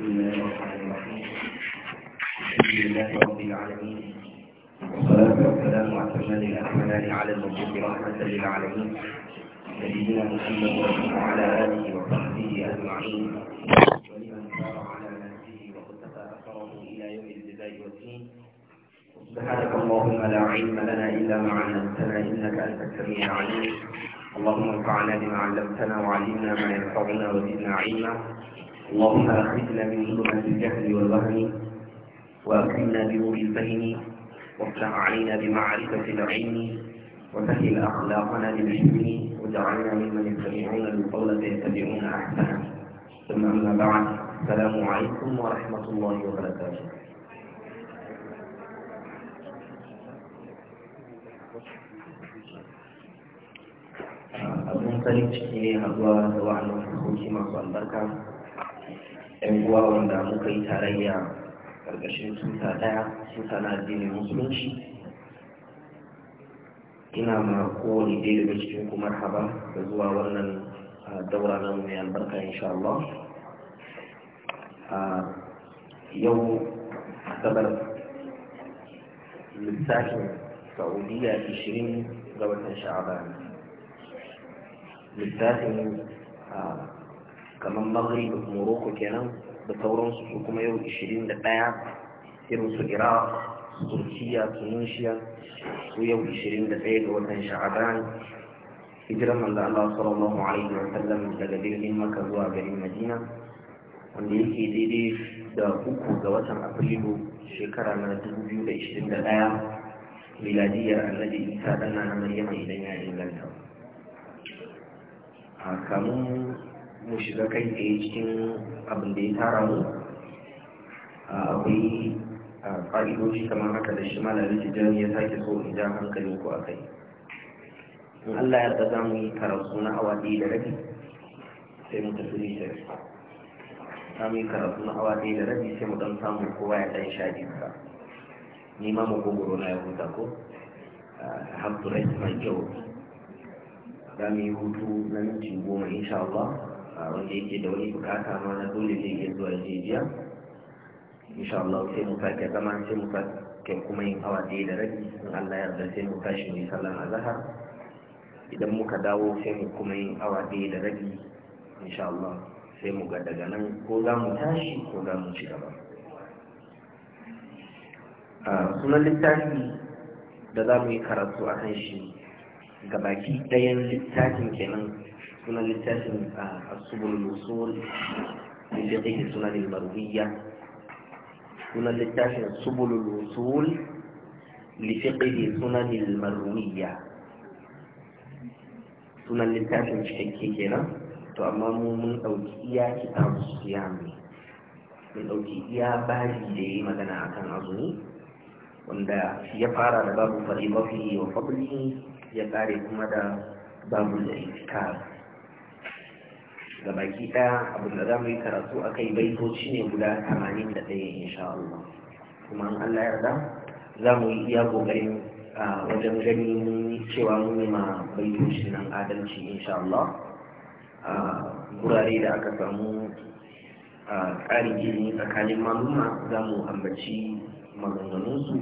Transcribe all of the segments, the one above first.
بسم الله الرحمن الرحيم الحمد لله رب العالمين والصلاة والسلام على أكمل محمد وعلى آله وصحبه أجمعين ولمن سار على نهجه واقتفى أثره إلى يوم الجزاء والدين سبحانك اللهم لا علم لنا إلا ما علمتنا إنك أنت اللهم انفعنا بما علمتنا وعلمنا ما ينفعنا وزدنا علما اللهم أخرجنا من ظلمات الجهل والوهم وأكرمنا بنور الفهم وافتح علينا بمعرفة العلم وسهل أخلاقنا بالحلم وجعلنا ممن يستمعون القول فيتبعون أحسنه ثم أما بعد السلام عليكم ورحمة الله وبركاته أبو farin ciki ne haɗuwa da wa'annan hukunci masu albarka yan uwa wanda muka yi tarayya ƙarƙashin tuta ɗaya tuta na addinin musulunci ina ma kowane ɗaya daga cikin kuma haba da zuwa wannan daura na mai albarka insha Allah yau asabar lissafin saudiya 20 ga watan sha'aban lissafin kamar maghrib morocco kenan da sauransu su kuma yau 21 irin su iraq turkiya tunisia su yau 21 ga watan sha'aban hijirar manzo Allah sallallahu alaihi wa sallam daga birnin Makka zuwa garin Madina wanda yake daidai da uku ga watan Afrilu shekara na 2021 miladiyar annabi Isa dana na Maryam idan ya inganta. Kamun mu shiga kai tsaye cikin abin da ya tara mu akwai fa'idoji kamar haka da shi malamin tijjani ya sake so in ja hankalin ku a kai in allah yarda za mu yi karatu na awa ɗaya da rabi sai mu tafi nijar za mu yi karatu na awa ɗaya da rabi sai mu ɗan samu kowa ya ɗan sha jinsa ni ma mu gogoro na ya huta ko have to rest za mu yi hutu na minti goma insha allah wanda yake da wani bukata ma na dole zai iya zuwa jijiya insha Allah sai mu sake zama sai mu sake kuma yin awa ɗaya da rabi in Allah ya yarda sai mu tashi mu sallan azhar idan muka dawo sai mu kuma yin awa ɗaya da rabi insha Allah sai mu ga daga nan ko za mu tashi ko za mu ci gaba sunan littafi da za mu yi karatu a kan shi ga baki ɗayan littafin kenan sunan littafin a asubul musul da fiqh sunan al sunan littafin subul usul li fiqh sunan al sunan littafin cikakke kenan to amma mun dauki iya kitab siyam ne mun dauki iya baji da yayi magana akan azumi wanda ya fara da babu fari mafi wa fadli ya kare kuma da babu da itikar ga baki ɗaya abin da za mu yi karatu a kai baitoci ne guda tamanin da ɗaya insha Allah kuma an Allah yarda za mu yi iya gogarin wajen ganin cewa mun yi ma baitoci nan adalci insha Allah gurare da aka samu a ƙarin ilimi tsakanin maluma za mu ambaci maganganunsu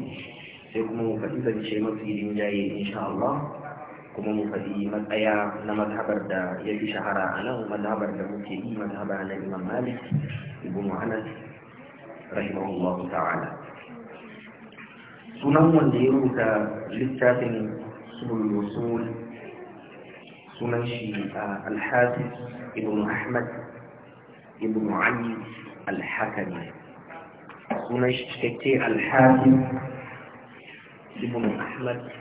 sai kuma mu faɗi masu mafi rinjaye insha Allah kuma mu faɗi matsaya na mazhabar da ya fi shahara a nan mazhabar da muke yi mazhaba na imam malik ibn muhammad rahimahullahu ta'ala sunan wanda ya rubuta littafin sulul usul sunan shi al-hafiz ibn ahmad ibn ali al-hakami sunan shi cikakke al-hafiz ibn ahmad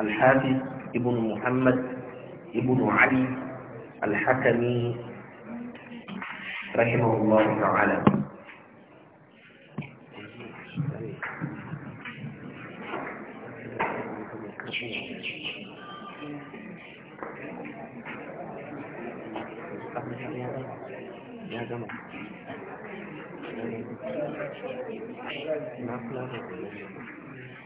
الحافظ ابن محمد ابن علي الحكمي رحمه الله تعالى Thank you.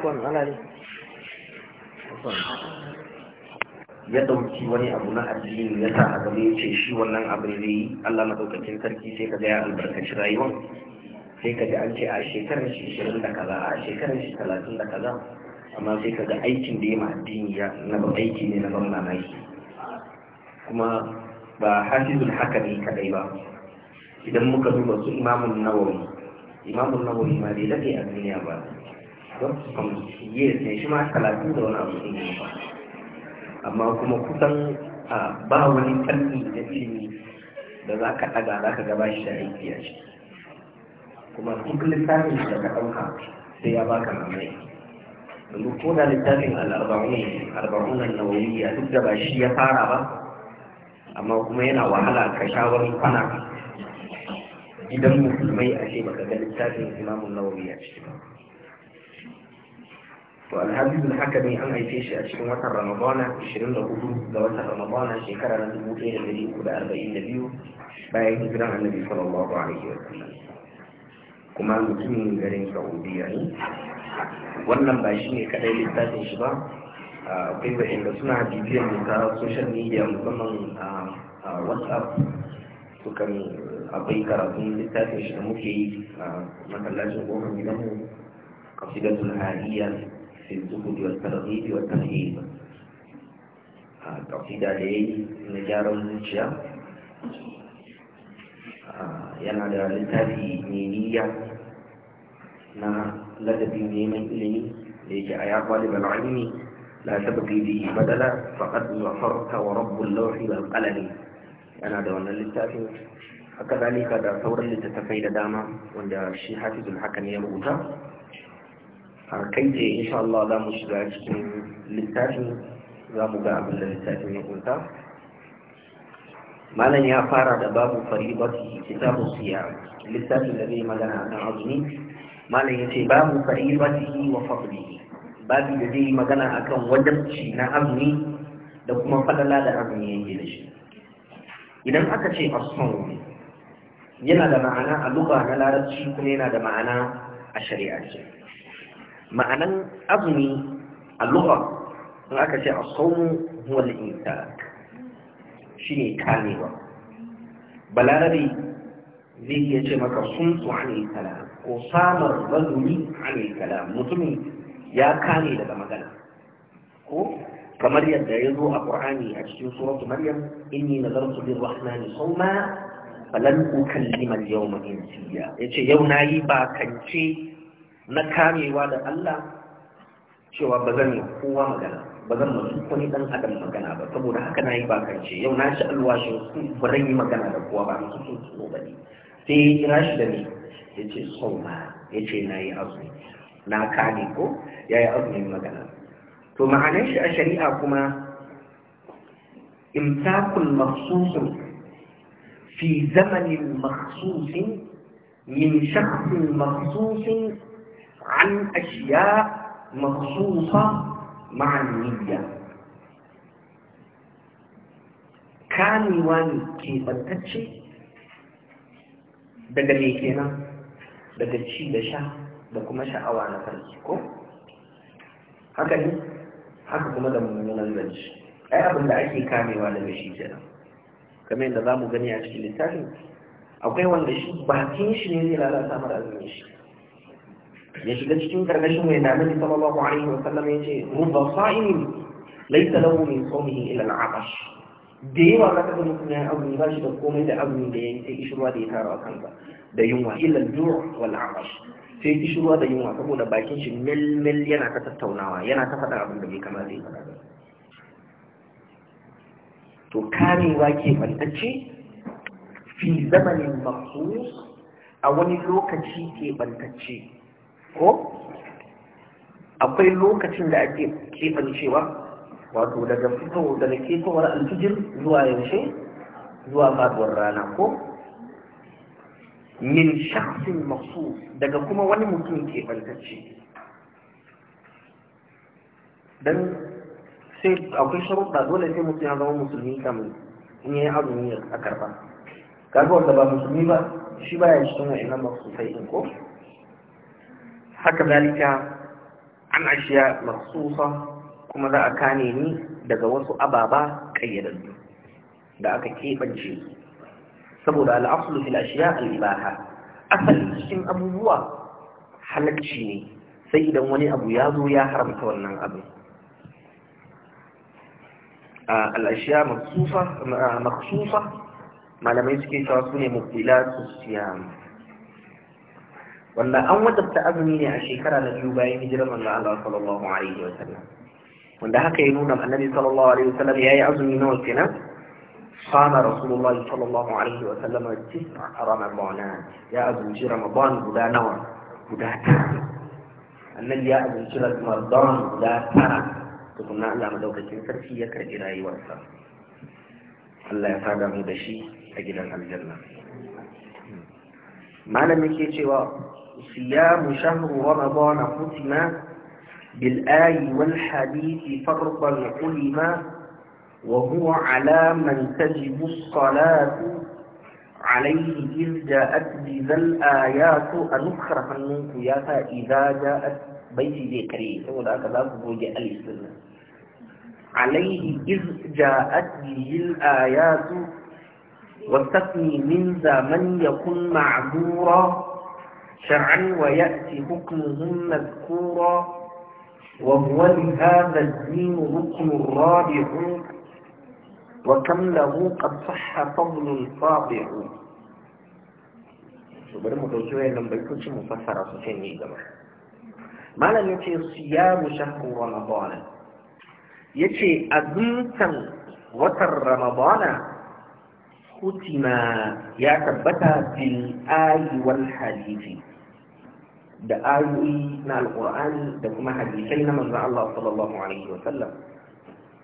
afwan ana ne ya dauki wani abu na addini ya sa a gaba ya ce shi wannan abin zai yi Allah daukacin sarki sai ka ga ya albarkaci rayuwar sai ka ji an ce a shekarar shi da kaza a shekarar shi talatin da kaza amma sai ka ga aikin da ya ma addini ya na ba aiki ne na ban mamaki kuma ba hafizul haka ne kadai ba idan muka duba su imamun nawawi imamun nawawi ma bai dade a duniya ba ne shi ma talatin da wani abu sun ba amma kuma kusan ba wani fanni na ilimi da za ka ɗaga za ka gaba shi da aiki a shi kuma duk littafin da ka ɗauka sai ya baka mamaki yanzu ko da littafin al'arba'un arba'unan nawawiyya duk da ba shi ya fara ba amma kuma yana wahala ka shawarar kwana gidan musulmai a ce baka ga littafin imamun nawawi a ciki ba والحاج بن حكمي an haife shi a cikin watan ramadana 24 ga watan ramadana shekara na 1342 bayan hijiran annabi sallallahu alaihi wa sallam kuma mutumin garin saudiya ne wannan ba shi ne kadai littafin shi ba akwai waɗanda suna bibiyar mu ta social media musamman a whatsapp sukan akwai karatun littafin shi da muke yi a masallacin kofar gidanmu kasidatul hariya في الزهد والترغيب والترهيب العقيدة دي نجار الزجة yana da littafi mai niyya na ladabin neman ilimi da yake a ya ɗaliban ilimi la sababi bihi badala faqad zafarta wa rabbul lawhi wal qalami yana da wannan littafin haka zalika da sauran littattafai da dama wanda shi hafizul hakan ya rubuta a kai ce insha Allah za mu shiga cikin littafin za mu ga abin da littafin ya kunta malam ya fara da babu faribati kitabu siya littafin da zai magana a kan azumi malam ya ce babu faribati wa fadlihi babu da zai magana akan wajabci na azumi da kuma fadala da azumi yake da shi idan aka ce as-sawm yana da ma'ana a lugha na larabci kuma yana da ma'ana a shari'a ce ma'anan azumi a lura in aka ce a saumu huwa al'insa shi ne kamewa balarabe zai iya ce maka sun su hannun ko samar razumi hannun kalam mutumin ya kame daga magana ko kamar yadda ya zo a ƙur'ani a cikin suratu maryam inni nazartu lirrahmani sawma falan ukallima al-yawma insiya yace yau nayi kance na kamewa da Allah cewa ba zan yi kowa magana ba zan masu wani dan adam magana ba saboda haka na yi bakance yau na shi alwashin su ba zan yi magana da kowa ba su so su ba ne sai ya kira shi da ni ya ce sauma ya ce na yi azumi na kame ko ya yi azumin magana to ma'anar shi a shari'a kuma imsakul maksusun في zamanin maksusin, من شخص maksusin. عن أشياء مخصوصة مع النية kamewa ne keɓantacce daga me kenan daga ci da sha da kuma sha'awa na farki ko haka ne haka kuma da mummunan zance ai abin da ake kamewa daga shi kenan kamar da za mu gani a cikin littafin akwai wanda shi bakin shi ne zai lalata mara azumin shi ya shiga cikin karkashin mai na nabi sallallahu alaihi wa sallam ya ce rubba sa'imin laysa lahu min sawmihi ila al-'atash da yawa za ka ga mutum ya azumi ba shi da komai da azumi da ya yi sai kishirwa da ya tara kansa da yunwa illa al-ju' wal 'atash sai kishirwa da yunwa saboda bakin shi mil yana ta tattaunawa yana ta faɗa abin da bai kamata ya faɗa to kamewa ke bantacce fi zamanin makhsus a wani lokaci ke bantacce ko akwai lokacin da ake cewa wato daga fito daga ketowar alfijir zuwa yaushe zuwa faduwar rana ko min shafin masu daga kuma wani mutum ke bantacce don sai akwai sharuɗa dole sai mutum ya zama musulmi kamar in yi azumi a karba kaga wanda ba musulmi ba shi baya cikin ina masu sai ko haka zalika an ashiya maksusa kuma za a kane ni daga wasu ababa ƙayyadaddu da aka keɓance saboda al'asulu fil ashiya al'ibaha asalin cikin abubuwa halacci ne sai idan wani abu ya zo ya haramta wannan abu al'ashiya maksusa malamai suke cewa su ne mubtilatu siyam wanda an wajabta azumi ne a shekara na biyu bayan hijirar manzo Allah sallallahu alaihi wa sallam wanda haka ya nuna annabi sallallahu alaihi wa sallam yayi azumi nawa kenan sama rasulullah sallallahu alaihi wa sallam tis'a ramadan ya azumi ramadan guda nawa guda tara annabi ya azumi ramadan guda tara kuma Allah madaukakin sarki ya karbi rayuwarsa Allah ya fada mu da shi a gidan aljanna malam yake cewa صيام شهر رمضان ختم بالآي والحديث فرضا علما وهو على من تجب الصلاة عليه إذ جاءت بذا الآيات من قياها إذا جاءت بيت ذكري سوى ذاك ذاك بوجه الإسلام عليه إذ جاءت به الآيات واستثني من ذا من يكن معذورا شرعا ويأتي حكمهم مذكورا وهو لهذا الدين ركن الرابع وكم له قد صح فضل ساطع bari mu ɗauki wayannan baitocin mu fassara su sai ne gaba malam ya ce siyamu shahru ramadana ya ce azumtan watan ramadana hutima ya tabbata bil ayi wal halifi da ayoyi na alkur'ani da kuma hadisai na manzon Allah sallallahu alaihi wa sallam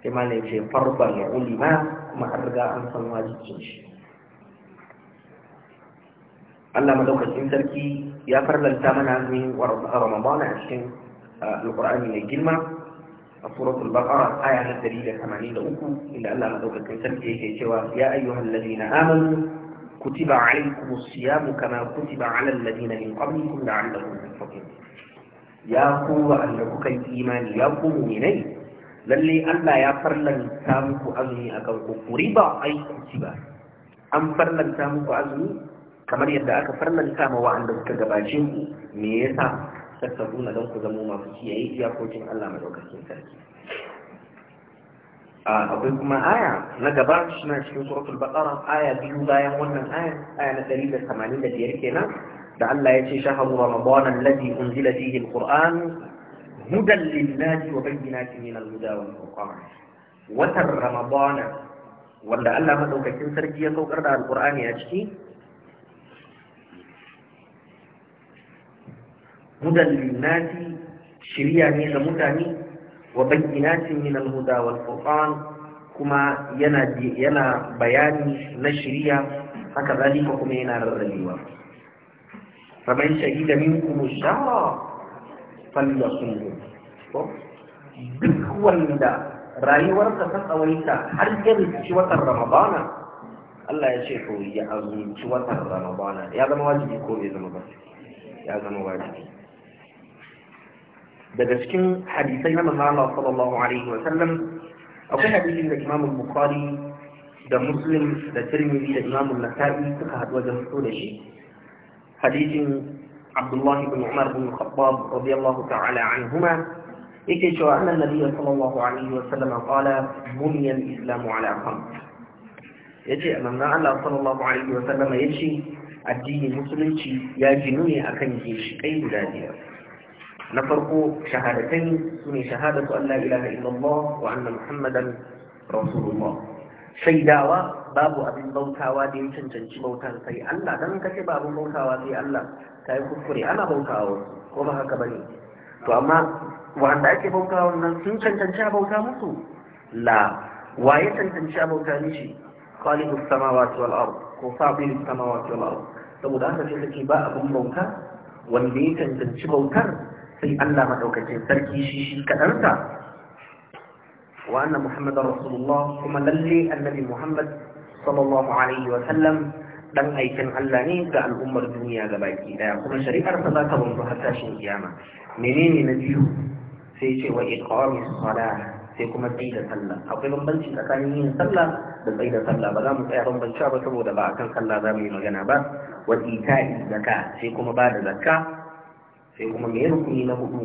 sai ma ne ce farban ulima kuma an riga an san shi Allah madaukakin sarki ya farlanta mana azumin Ramadan a cikin uh, alkur'ani mai girma a suratul baqara aya na 183 inda Allah madaukakin sarki yake cewa ya ayyuhallazina amanu كتب عليكم الصيام كما كتب على الذين من قبلكم لعلكم تتقون ya ku wa'anda kuka yi imani ya ku muminai lalle Allah ya farlanta muku azumi a kan kuri ba aiki ba an farlanta muku azumi kamar yadda aka farlanta wa wa'anda kuka gabace ku me yasa tattabu na don ku zamo masu kiyaye iyakokin Allah madaukakin sarki akwai kuma aya na gaba na cikin suratul baqara aya biyu bayan wannan aya aya na 185 kenan da Allah ya ce shahru ramadan alladhi unzila fihi alquran hudan lin-nasi wa bayyinatin min al-huda wal furqan watan ramadan wanda Allah madaukakin sarki ya saukar da alqur'ani a ciki hudan lin-nasi shiriya ne ga mutane wa bayyinatin min al-huda wal kuma yana bayani na shirya, haka zalika kuma yana rarrabewa faman shahida minkum ash-shahra falyasumhu duk wanda rayuwarsa ta tsawaita har ya rikici watan ramadana Allah ya ce ya azumci watan ramadana ya zama wajibi ko ya zama daga cikin hadisai na manzala sallallahu alaihi wa sallam akwai hadisin da imamul Bukhari da Muslim da Tirmidhi da imamul Nasa'i suka haɗu wajen fito da shi hadisin Abdullahi ibn Umar ibn Khattab radiyallahu ta'ala anhuma yake cewa annan nabi sallallahu alaihi wa sallam qala bunya al-islam ala khams yace annan Allah sallallahu alaihi wa sallam yace addinin musulunci ya ginu ne akan gishi kai guda biyar na farko shahadatai su ne shahadatu Allah la ilaha illallah wa anna muhammadan rasulullah shaidawa babu abin bautawa da ya cancanci bautan sai Allah dan kace babu bautawa sai Allah kai kuskure ana bautawa ko ba haka bane to amma wanda ake bautawa wannan sun cancanci a bauta musu la waye cancanci a bauta mishi khaliqus samawati wal ard ko fadirus samawati wal ard saboda haka sai kace ba abin bauta wanda ya cancanci bautar sai Allah maɗaukacin sarki shi shi kaɗansa wa annan Muhammadu Rasulullah kuma lalle annabi Muhammad sallallahu alaihi wa sallam dan aikin Allah ne ga al'ummar duniya ga baki daya kuma shari'ar ta za ta wanzu har tashin kiyama menene na biyu sai ce wa iqamis salah sai kuma tsayi da sallah akwai bambanci tsakanin yin sallah da tsayi da sallah ba za mu tsaya bambanci ba saboda ba akan sallah za mu yi magana ba wa zaka sai kuma ba da zakka sai kuma me rukuni na hudu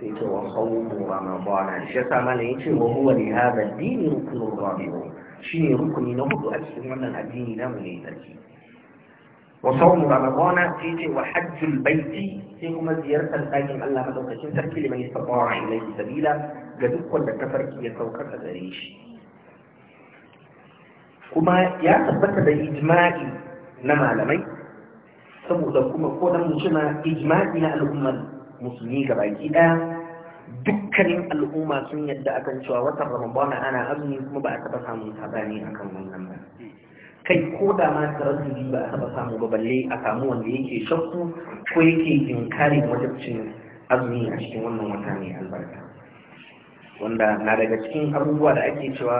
sai ce wa sawmu ramadana shi yasa mana yace wa huwa li hadha ad-din ruknu rabiu shi ne rukuni na hudu a cikin wannan addini namu ne sarki wa sawmu ramadana sai ce wa hajjul baiti sai kuma ziyartar ɗakin Allah madaukakin sarki liman istata'a ilayhi sabila ga duk wanda tafarki ya saukar a gare shi kuma ya tabbata da ijma'i na malamai saboda kuma ko dan mutuna ijma'i na al'ummar musulmi gabaki ɗaya, dukkanin al'umma sun yadda akan cewa watan ramadana ana azumi kuma ba a taɓa samun sabani akan wannan ba kai ko da ma taraddudi ba a taɓa samu ba balle a samu wanda yake shakku ko yake inkarin wajabcin azumi a cikin wannan wata mai albarka wanda na daga cikin abubuwa da ake cewa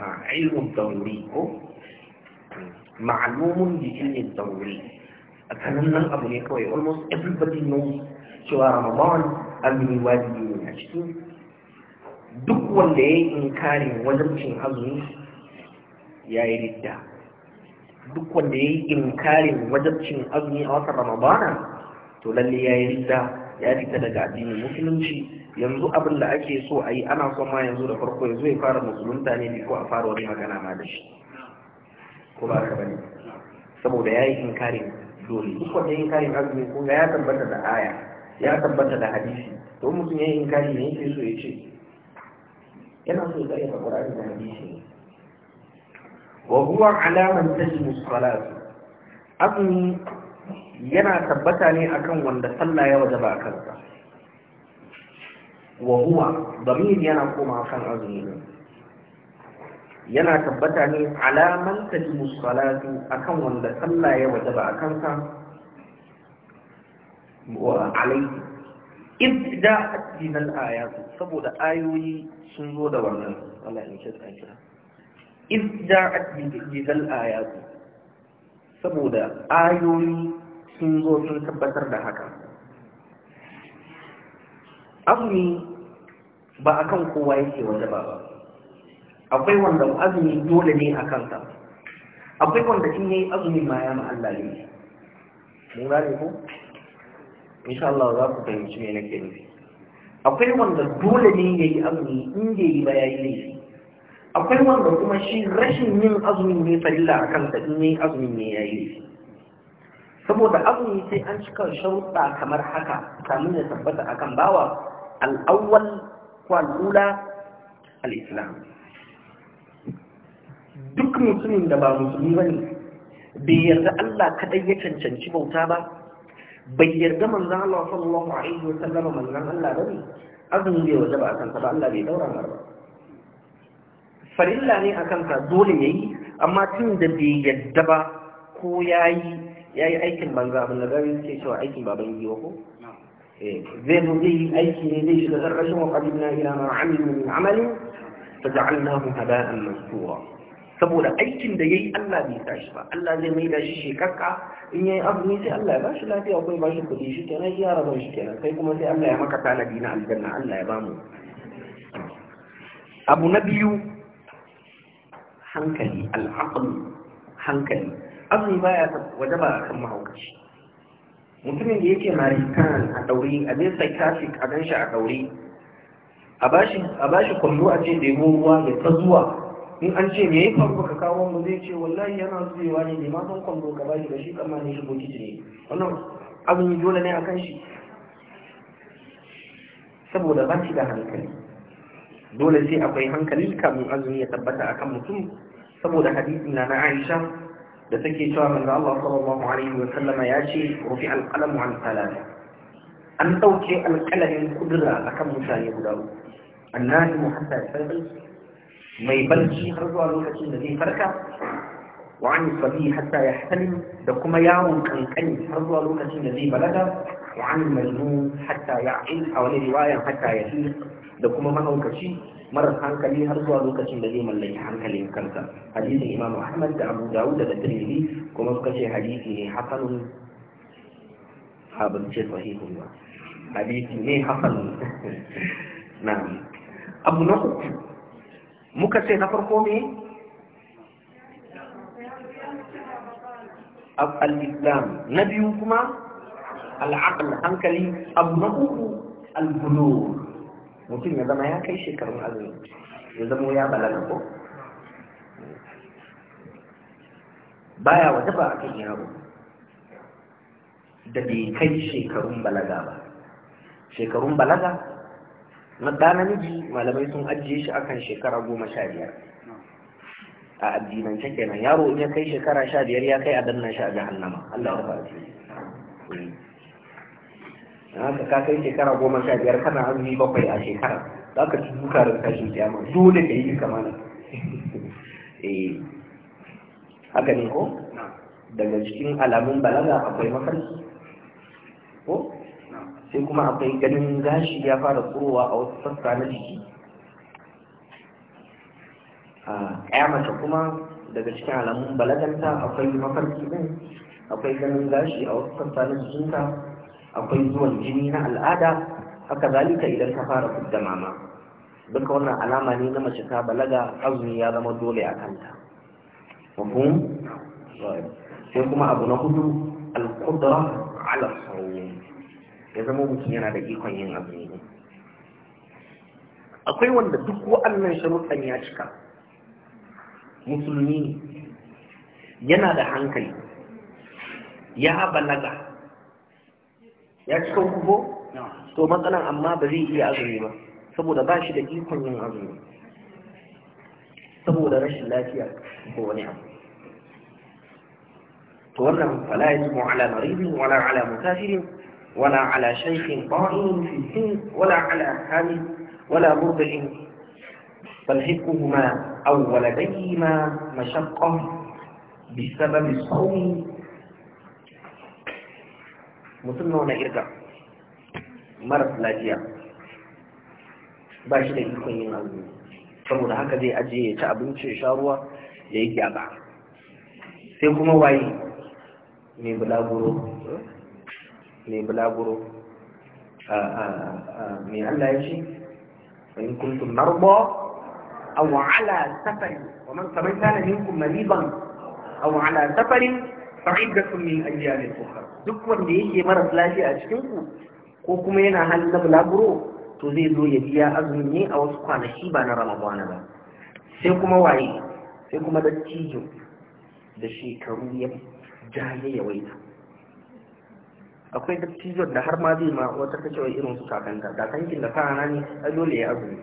a ilmin dauri ko ma'alumun jikin dauri a nan abu ne kawai almost everybody knows cewa ramadan azumi wajibi ne a cikin duk wanda ya yi inkarin wajibcin azumi ya yi ridda duk wanda ya yi inkarin wajibcin azumi a watan ramadana to lalle ya yi ridda ya fita daga addinin musulunci yanzu abin da ake so a yi ana son ma yanzu da farko yanzu ya fara musulunta ne ko a fara wani magana ma da shi ko ba ka bane saboda ya yi inkarin dole duk wanda yin karin a kun kuma ya tabbata da aya ya tabbata da hadisi to mutum ya yi inkari ne yake so ya ce yana so ya ga Qur'ani da hadisi ne wa huwa alaman tajibu salatu azumi yana tabbata ne akan wanda sallah ya wajaba a kansa wa huwa damir yana koma kan azumi ne yana tabbata ne alaman tajibu salatu akan wanda sallah ya wajaba a kansa wa alaihi ibda addinal ayatu saboda ayoyi sun zo da wannan Allah ya ce kan ibda addinal ayatu saboda ayoyi sun zo sun tabbatar da haka azumi ba akan kowa yake wajaba ba akwai wanda azumi dole ne a kanta, akwai wanda in ne azumi ma ya ma'alla ne mun gane ko insha Allah za ku fahimci me nake nufi akwai wanda dole ne yayi azumi in da yi ba yayi laifi akwai wanda kuma shi rashin yin azumi ne farilla a kanta in yayi azumi ne yayi laifi saboda azumi sai an cika sharuɗa kamar haka kamin ya tabbata akan bawa al-awwal ko al-ula al-islam duk mutumin da ba musulmi bane bai yarda Allah kadai ya cancanci bauta ba bai yarda manzan Allah sallallahu alaihi wa sallam manzon Allah bane azumi bai wajaba akan sa ba Allah bai daura mar ba farilla ne akan sa dole yayi amma tun da bai yarda ba ko yayi yayi aikin banza abin da zai ce cewa aikin baban wa ko eh, zai zo zai yi aiki ne zai shiga zarrashin wa na ila ma amilu min amalin faj'alnahu haba'an mansura saboda aikin da ya yi Allah bai tashi ba Allah zai mai da shi shekarka in yayi ne sai Allah ya bashi lafiya ko ya bashi kuɗi shi kenan ya rabar shi kenan kai kuma sai Allah ya maka tanadi na aljanna Allah ya bamu abu na biyu hankali al'aql hankali azumi baya wajaba kan mahaukaci mutumin da yake kan a daure, a zai psychiatric a ganshi a daure, a bashi kullu a ce da ruwa ya ta zuwa in an ce me ya faru ka kawo mu zai ce wallahi yana zuwa ne neman san kwando ka bashi da shi kamar ne shi bokiti ne wannan abin dole ne a kan shi saboda ba shi da hankali dole sai akwai hankali kamun azumi ya tabbata akan mutum saboda hadisin na Aisha da take cewa manzo Allah sallallahu alaihi wa sallama ya ce rufi alqalamu an salata an dauke alqalamin kudura akan mutane guda uku annabi muhammad sallallahu alaihi mai barci har zuwa lokacin da zai farka wa an sabi hatta ya halim da kuma yawon kankani har zuwa lokacin da zai balaga wa an majnu hatta ya in a wani riwaya hatta ya fi da kuma mahaukaci marar hankali har zuwa lokacin da zai mallaki hankalin kansa hadisin imamu ahmad da abu dawud da tirmidhi kuma suka ce hadisi ne hasanun habance sahihun ba hadisi ne hasanun na abu na uku muka ce na farko ne? al-islam na biyu kuma al-aql hankali abu na uku al-bulur mutum ya zama ya kai shekarun azumi ya zama ya balaga ko baya wata ba a kan yaro da bai kai shekarun balaga ba shekarun balaga na ɗa namiji malamai sun ajiye shi akan shekara goma sha biyar a addinance kenan yaro in ya kai shekara sha biyar ya kai a dannan sha biyar jahannama Allah ya faɗi dan haka ka kai shekara goma sha biyar kana azumi bakwai a shekara za ka ci duka da tashin kiyama dole ka yi kama nan eh haka ne ko daga cikin alamun balaga akwai mafarki ko sai kuma akwai ganin gashi ya fara tsurowa a wasu sassa na jiki a mace kuma daga cikin alamun balaganta akwai mafarki ɗin akwai ganin gashi a wasu sassa na jikinta akwai zuwan jini na al'ada haka zalika idan ka fara fudda mama duka wannan alama ne na mace ta balaga azumi ya zama dole a kanta mafhum sai kuma abu na hudu al ala sawm ya zama mutum yana da ikon yin abu ne akwai wanda duk wa'annan sharuɗan ya cika musulmi yana da hankali ya balaga ya cika kubo to matsalan amma ba zai iya azumi ba saboda ba shi da ikon yin azumi saboda rashin lafiya ko wani abu to wannan fala yajmu ala maribin wala ala mutafirin ولا على شيخ قائم في السن ولا على أهل ولا مرضع بل حفظهما أو ولديهما مشقة بسبب الصوم mutum nawa na irga maras lafiya ba shi da ikon yin azumi saboda haka zai ajiye ya ci abinci ya sha ruwa ya yi gyaba sai kuma waye mai bulaguro mai bulaguro mai Allah ya ce wa in kuntum marba aw ala safar wa man sabai kana minkum mariban aw ala safarin fa'idatun min ayyamin ukhra duk wanda yake maras lafiya a cikinku, ko kuma yana hali na bulaguro to zai zo ya biya azumin ne a wasu kwanaki ba na ramadana ba sai kuma waye sai kuma dattijo da shekaru ya jaye yawaita akwai dattijon da har ma zai ma wata ta irin su kakanka kakankin da fara ne a dole ya azumi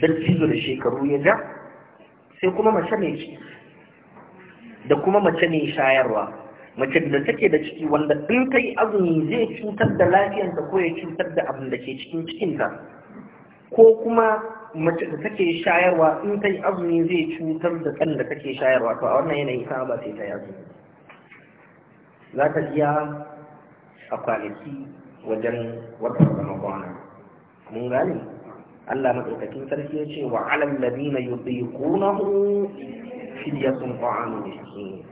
dattijo da shekaru ya ja sai kuma mace ne da kuma mace ne shayarwa mace da take da ciki wanda in kai azumi zai cutar da lafiyanta ko ya cutar da abin da ke cikin cikinta ko kuma mace da take shayarwa in ta yi azumi zai cutar da ɗan da take shayarwa to a wannan yanayi sama ba sai ta yazo za ta iya a kwanaki wajen wata ramadana mun gane Allah madaukakin sarki ya ce wa alal ladina yutiqunahu fidyatun ta'amu miskin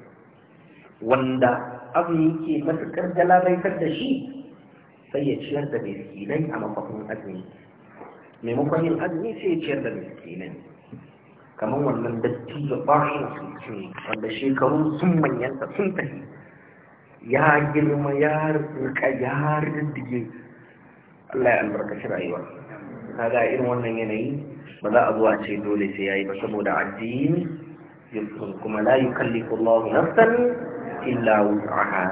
wanda azumi ke matakar galabaitar da shi sai ya ciyar da miskinai a mafakon azumi maimakon yin azumi sai ya ciyar da miskinai kamar wannan datti da bashi sun wanda shekaru sun manyanta sun tafi ya girma ya rika ya rindige Allah ya albarkaci rayuwa kaga irin wannan yanayi ba za a zuwa ce dole sai yayi ba saboda addini yusuf kuma la yukallifu Allahu nafsan illa wus'aha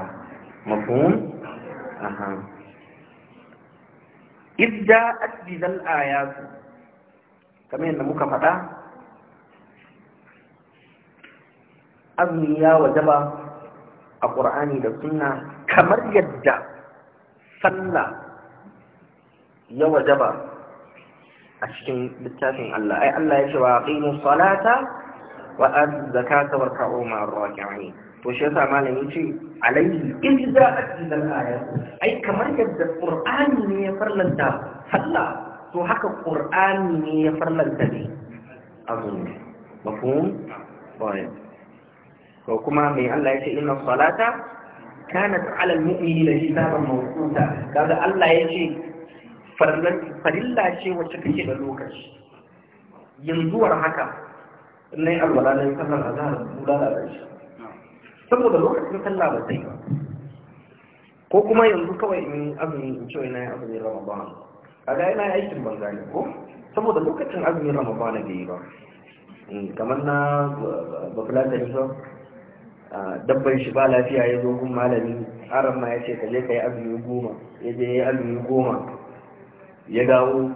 mafhum aha idda adbizal ayatu kamar yadda muka faɗa azumi ya wajaba a ƙur'ani da sunna kamar yadda sallah ya wajaba a cikin littafin Allah ai Allah ya ce wa aqimus salata wa az zakata warka'u ma'ar raki'in to shi yasa malam ya ce alaihi ilza'at ilal ayat ai kamar yadda qur'ani ne ya farlanta sallah to haka qur'ani ne ya farlanta ne azumi mafhum bayan ko kuma mai Allah ya ce inna salata kanat ala almu'minina kitaban mawquta kaga Allah yace farilla ce wacce kake da lokaci yanzu war haka in nayi alwala nayi a zahar bulala da shi saboda lokacin sallah ba sai ko kuma yanzu kawai in azumi in ce wani azumi ramadan a kaga yana aikin banza ne ko saboda lokacin azumin ramadan da yi ba hmm, kamar na eh, bafulatani ba ah, dabban shi ba lafiya ya zo gun malami aram ma ya ce ka je ka yi azumi goma ya je ya yi azumi goma ya dawo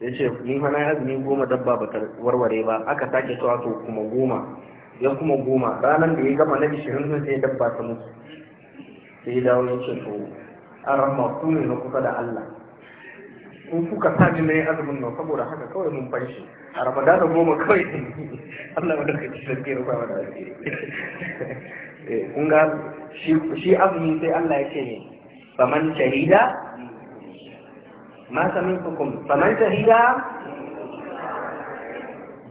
ya ce ni fa na yi azumi goma dabba ba ta warware ba aka sake cewa to kuma goma ya kuma goma ranar da ya gama na ishirin sun sai dabba ta musu. sai dawo ya ce to an ramma ku ne na kusa da Allah in kuka sa ni nayi azumin nan saboda haka kawai mun fanshi a ramadana goma kawai Allah wanda kake sarki ruwa wa da eh kun ga shi shi azumi sai Allah ya ce ne faman shahida ma samin hukum faman shahida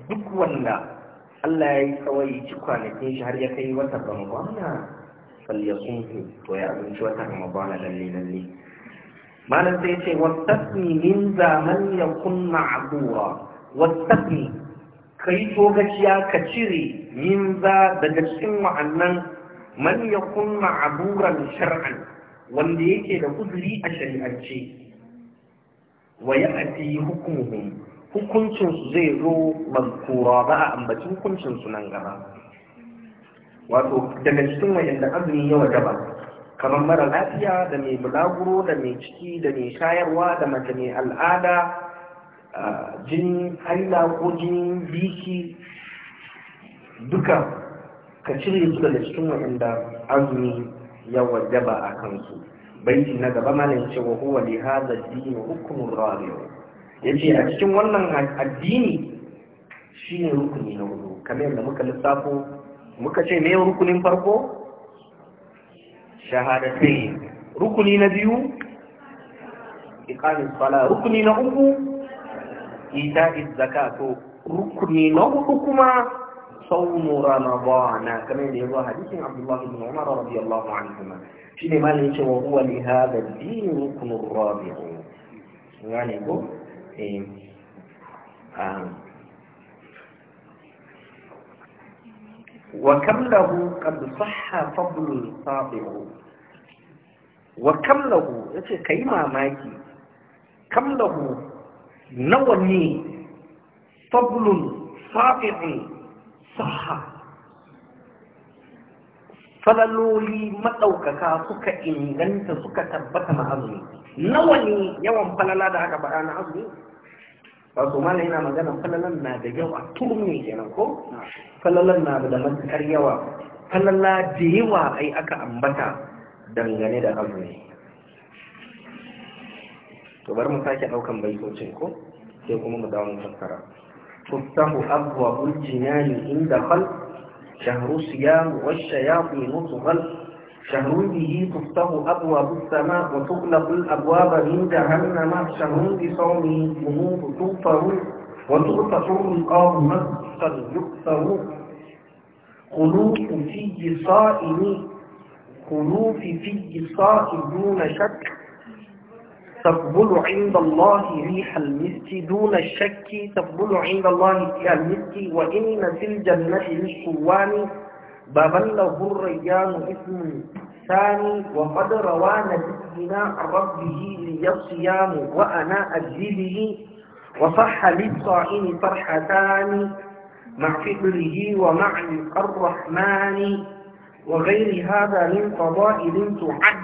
duk wanda Allah ya yi kawai ci kwanakin shi har ya kai watan Ramadana falyasunhu to ya abinci watan Ramadana lalle lalle malam sai ce wastasni min zaman yakun ma'bura wastasni kai to gaciya ka cire min za daga cikin wa'annan man ya yakun ma'buran shar'an wanda yake da uzuri a shari'ance wa ya ya'ti hukmuhum hukuncinsu zai zo mazkura ba a ambaci hukuncinsu nan gaba wato daga cikin da azumi ya ba kamar mara lafiya da mai bulaguro da mai ciki da mai shayarwa da mace mai al'ada jini haila ko jini biki duka ka cire su daga cikin da azumi ya ba a kansu bai na gaba malam cewa huwa li hadha ad-din ce a cikin wannan addini shi ne rukuni na wudu kamar yadda muka lissafo muka ce rukunin farko shahadatai rukuni na biyu ikanin fala rukuni na uku ita izaka to rukuni na hudu kuma saunu ramadana kamar yadda ya zo hadisin abdullah ibn umar radiyallahu anhu ma shi ne malamin cewa huwa li hada din rukunin rabi'u ne ko الرحيم آم. وكم له قد صح فضل سابق وكم له yace kai mamaki kam lahu nawa ne fadlun sabi'un sahha falaloli madaukaka suka inganta suka tabbata ma'azumi nawa ne yawan falala da aka faɗa na azumi su mana yana magana falalan na da yawa turmi kenan ko falalan na da matuƙar yawa falala da yawa ai aka ambata dangane da azumi to bari mu sake ɗaukan baitocin ko sai kuma mu dawo mu fassara tuftahu abwabul jinani inda khalq shahru siyam wash shayatin fal. شهر به تفتح أبواب السماء وتغلق الأبواب من جهنم شهر بصومه الذنوب تغفر وتغفر رقاب مسقا يكثر خلوف في الصائم خلوف في الصائم دون شك تقبل عند الله ريح المسك دون الشك تقبل عند الله ريح المسك وإن في الجنة للصوان بابله الريان اسم ثاني وقد روى نبينا ربه لي الصيام وأنا أجلبه وصح للصائم فرحتان مع فكره ومع الرحمن وغير هذا من فضائل تعد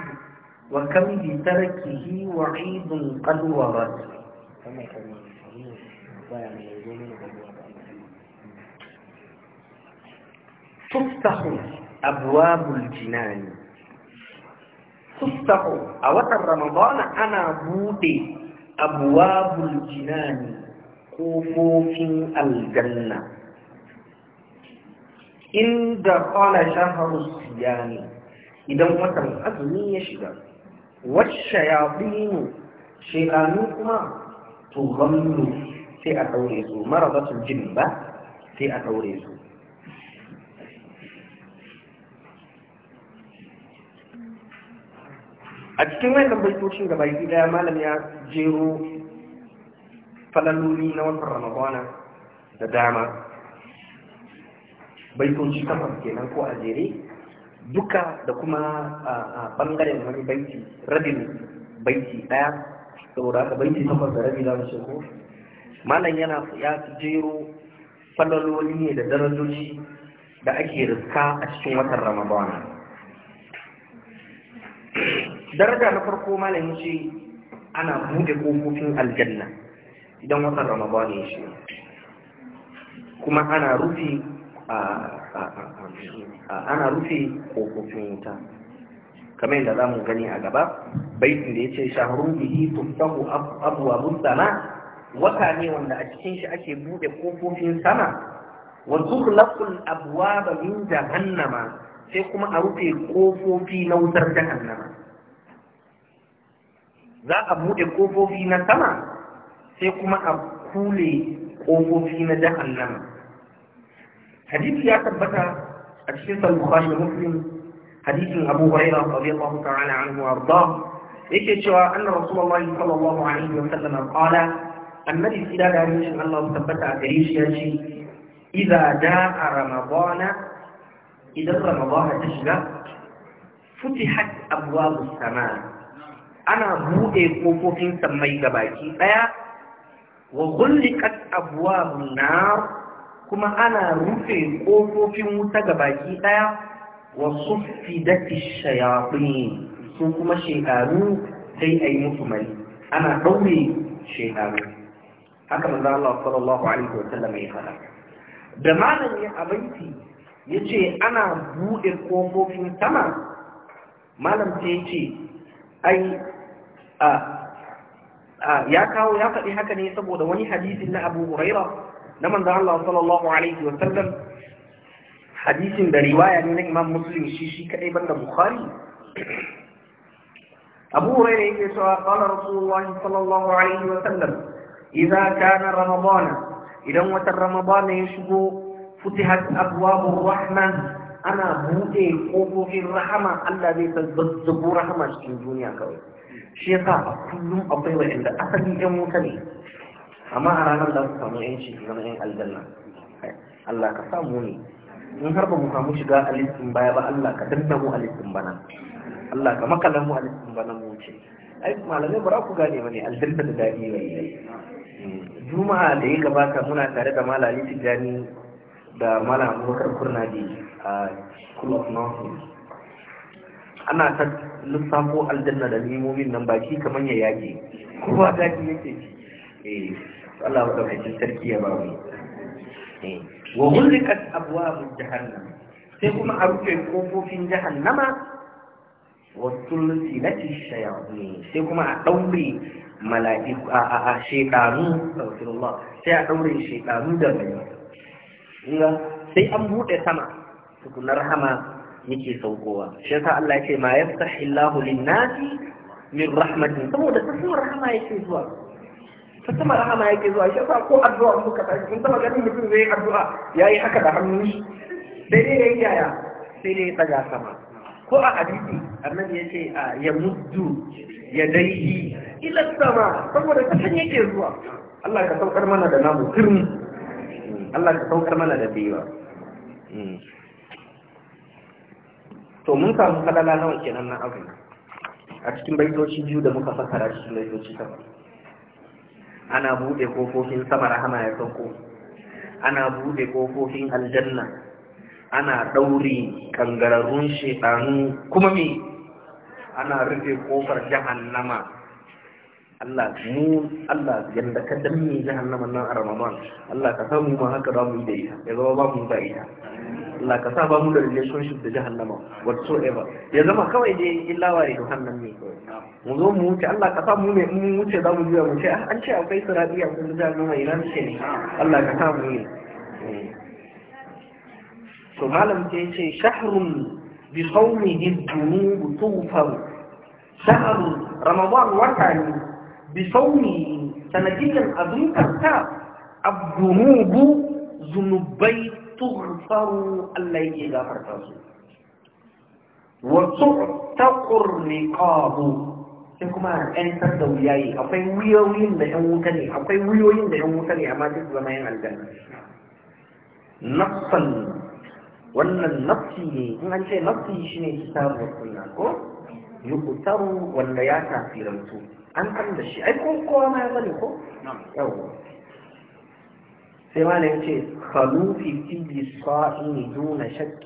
وكم بتركه وعيد قد ورد tuftahu abwabul jinani tuftahu a watan ramadana ana bude abwabul jinani kofofin aljanna inda kwana shaharu siyani idan watan azumi ya shiga wacce ya binu shekaru kuma to gamnu sai a daure su marabatun jin ba sai a daure su a cikin wannan baitocin da baki daya malam ya jero falaloli na watan ramadana da dama baitoci takwas kenan ko a jere duka da kuma a bangaren wani baiti rabin baiti daya saboda haka baiti takwas da rabi za mu ce ko malam yana ya jero falaloli ne da darajoji da ake riska a cikin watan ramadana daraja na farko malamin shi ana buɗe ƙofofin aljanna idan watan ramadan ya shi kuma ana rufe ana rufe ƙofofin wuta kamar yadda za mu gani a gaba baitin da ya ce bihi tuftahu abuwa sama wata ne wanda a cikin shi ake buɗe kofofin sama wa abuwa abwaba min jahannama sai kuma a rufe kofofi na wutar jahannama za a buɗe ƙofofi na sama sai kuma a kule ƙofofi na jahannama hadisi ya tabbata a cikin sahih da muslim hadisin abu Huraira radiyallahu ta'ala anhu arda yake cewa anna rasulullahi sallallahu alaihi wa sallam qala annabi sida da yin Allah tabbata a gare shi yace idza da'a ramadan idan ramadan ta shiga futihat abwabus samaa ana buɗe kofofin sammai ga baki ɗaya wa gullikat abwabun nar kuma ana rufe kofofin wuta ga baki ɗaya wa suffidati shayatin su kuma shekaru sai ayi musu mai ana ɗaure shekaru haka manzo Allah sallallahu alaihi wa sallam ya fara da malam ya abaiti yace ana buɗe kofofin sama malam sai yace ai ya kawo ya faɗi haka ne saboda wani hadisin na Abu Huraira na manzon Allah sallallahu alaihi wa sallam hadisin da riwaya ne na Imam Muslim shi shi kadai banda Bukhari Abu Huraira yake cewa qala Rasulullah sallallahu alaihi wa sallam idza kana Ramadan idan watan Ramadan ya shigo futihat abwabur rahman ana buɗe ƙofofin rahama Allah zai zazzabu rahama cikin duniya kawai shi ya sa a kullum akwai wa'anda asali ƴan wuta ne amma a ranar za su samu yanci su zama yan aljanna Allah ka samu ne in har ba mu samu shiga a listin baya ba Allah ka danna mu a listin bana Allah ka makala mu a listin bana mu wuce ai malamai ba ku gane ba ne aljanna da daɗi wani juma'a da ya gabata muna tare da malami tijjani da mana abubakar kurnadi a school of nursing ana ta lissafo aljanna da limomin nan baki kamar ya yage kowa daji yake eh Allah wa daukakin sarki ya ba mu eh, wa hulikat abwabu jahannam sai kuma a rufe kofofin jahannama wa sulsilati shayatin sai kuma a daure mala'iku a a shaytanu sai a daure shekaru da mala'iku sai an buɗe sama tukunar rahama yake saukowa shi yasa Allah ya ce ma yaftahillahu lin-nasi min rahmatin saboda ta sama rahama yake zuwa ta sama rahama yake zuwa shi yasa ko addu'a muka tashi in sama ganin mutum zai addu'a yayi haka da hannu sai dai yayi yaya sai dai tsaga sama ko a hadisi annabi yace ya muddu ya daihi ila sama saboda ta san yake zuwa Allah ka saukar mana da namu kirmi Allah ka saukar mana da biyuwa hmm. to mun samu falala nawa kenan na abu a cikin baitoci biyu da muka fasara cikin baitoci ta. ana bude kofofin sama rahama ya sauko ana bude kofofin aljanna ana ɗaure kangararrun shekaru kuma me ana rufe kofar jahannama Allah mu Allah yadda ka danne jahannama nan a Ramadan Allah ka samu ma haka da mu yi da ita ya zama ba mu da ita Allah ka sa ba mu da relationship da jahannama whatsoever ya zama kawai dai illa wari to hannan ne mu zo mu wuce Allah ka sa mu ne mu wuce za mu juya mu ce ah, an ce akwai sirati a cikin jahannama ina ce ne Allah ka sa mu yi eh. to malam ce ce shahrun bi sawmihi dhunubu tufaru shahrun ramadan wata ne bisauni sanadiyyan azunkarka abdunubu zunubai tughfaru Allah yake gafarta su wa tuqtaqur niqabu sai kuma a ƴantar da wuyayi akwai wuyoyin da ƴan wuta ne akwai wuyoyin da ƴan wuta ne amma duk zama yin aljanna nafsan wannan nafsi ne in an ce nafsi shine kitabu sunna ko yuqtaru wanda ya tafi tafirantu أنت من الشيء أيكم قوة ما يظل يضلكم نعم أول سوالة يتي في كل صائم دون شك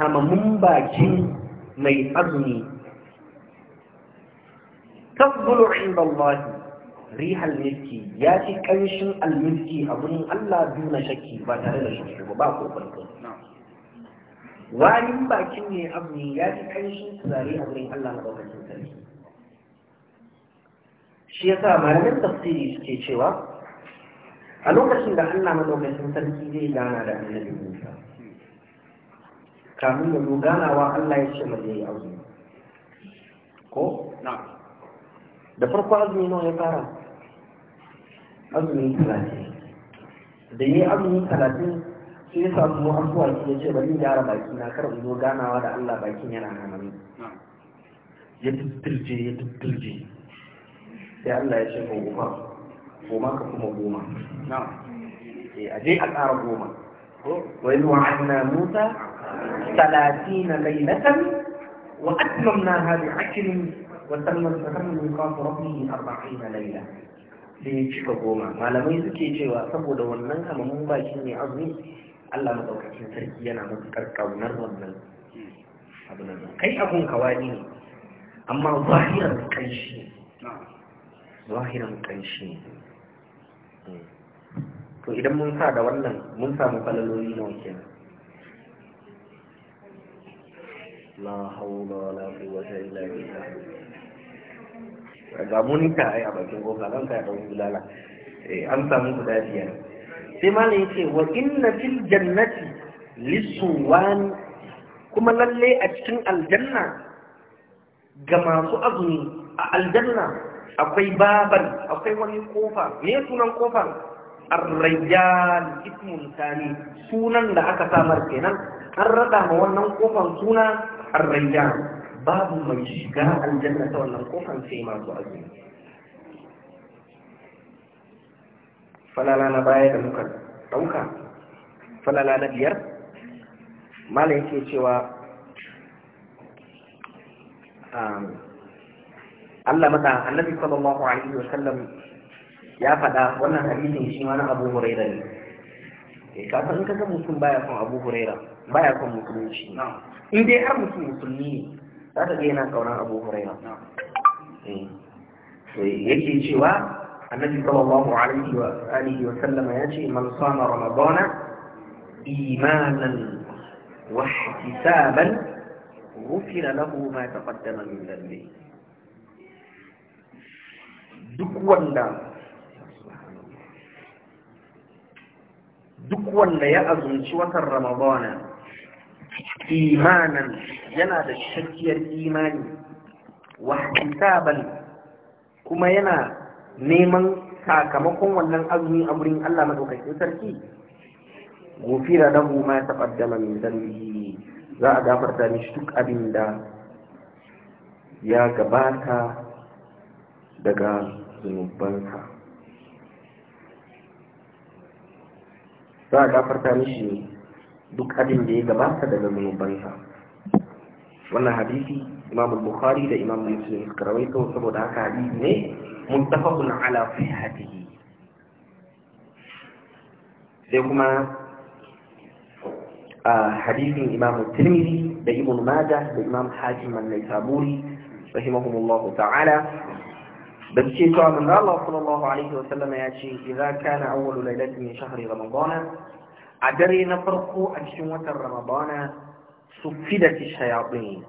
هم منباكي مي أغني تفضل عند الله ريح الملكي ياتي كنشن الملكي أظن الله دون شكي بعد هذا الشكي وباقوا بلقوا نعم وعلم باكي مي أغني ياتي كنشن تزاري أظن الله بلقوا shi ya sa malamin tafsiri suke cewa a lokacin da Allah sun sarki zai gana da annabi Musa Kamun da ganawa Allah ya ce ma zai yi ko na da farko azumi nawa ya fara azumi talatin da yi azumi talatin sai ya samu su ya ce bari gyara baki na kar zo ganawa da Allah bakin yana hannun ya tutturje ya tutturje sai Allah ya ce ko goma goma ka kuma goma na'am eh a je a ƙara goma wa yi wa anna musa talatina laylatan wa atmamnaha bi akrin wa tammat takammu miqatu rabbih 40 layla sai ya cika goma malamai suke cewa saboda wannan kamamun baki ne azumi Allah madaukakin sarki yana matuƙar ƙaunar wannan abu nan kai abun kawani ne amma zahirar kanshi ne zahirin ƙanshi hmm. to idan mun sa da wannan mun samu falaloli nawa Na la haula wala quwwata illa billah ga monika ai a bakin goka zan kai da bulala eh an samu guda biyar sai malam yace wa inna fil jannati lisuwan kuma lalle a cikin aljanna ga masu azumi a aljanna akwai baban akwai wani kofa me sunan kofan arrayyan ismun tani sunan da aka samar kenan an rada ma wannan kofan suna arrayyan babu mai shiga aljanna ta wannan kofan sai masu azumi falala na baya da muka dauka falala na biyar malam yake cewa um, Allah mata annabi sallallahu alaihi wa sallam ya faɗa wannan hadisin shi ma na Abu Huraira ne eh ka san kaga mutum baya son Abu Huraira baya son musulunci in dai har mutum musulmi ne za ta ga yana kaunar Abu Huraira eh to yake cewa annabi sallallahu alaihi wa alihi wa sallam ya ce man sama ramadana imanan wa ihtisaban غفر له ما تقدم من ذنبه duk wanda ya azumci watan ramadana imanan yana da shakkiyar imani wa hisaban kuma yana neman sakamakon wannan azumi a wurin Allah madaukakin sarki gofira lahu ma taqaddama min dhanbihi za a gafarta mishi duk abin da ya gabata daga zunubansa za a gafarta mishi duk abin da ya gabata daga zunubansa wannan hadisi imam bukhari da imam muslim suka rawaito saboda haka hadisi ne muttafaqun ala sihhatihi sai kuma a hadisin imam tirmidhi da ibn majah da imam hakim an-naisaburi rahimahumullahu ta'ala da suke cewa manzo Allah sallallahu alaihi wa sallama ya ce idza kana awwalu lailatin min shahri ramadana a dare na farko a cikin watan ramadana sufidat shayatin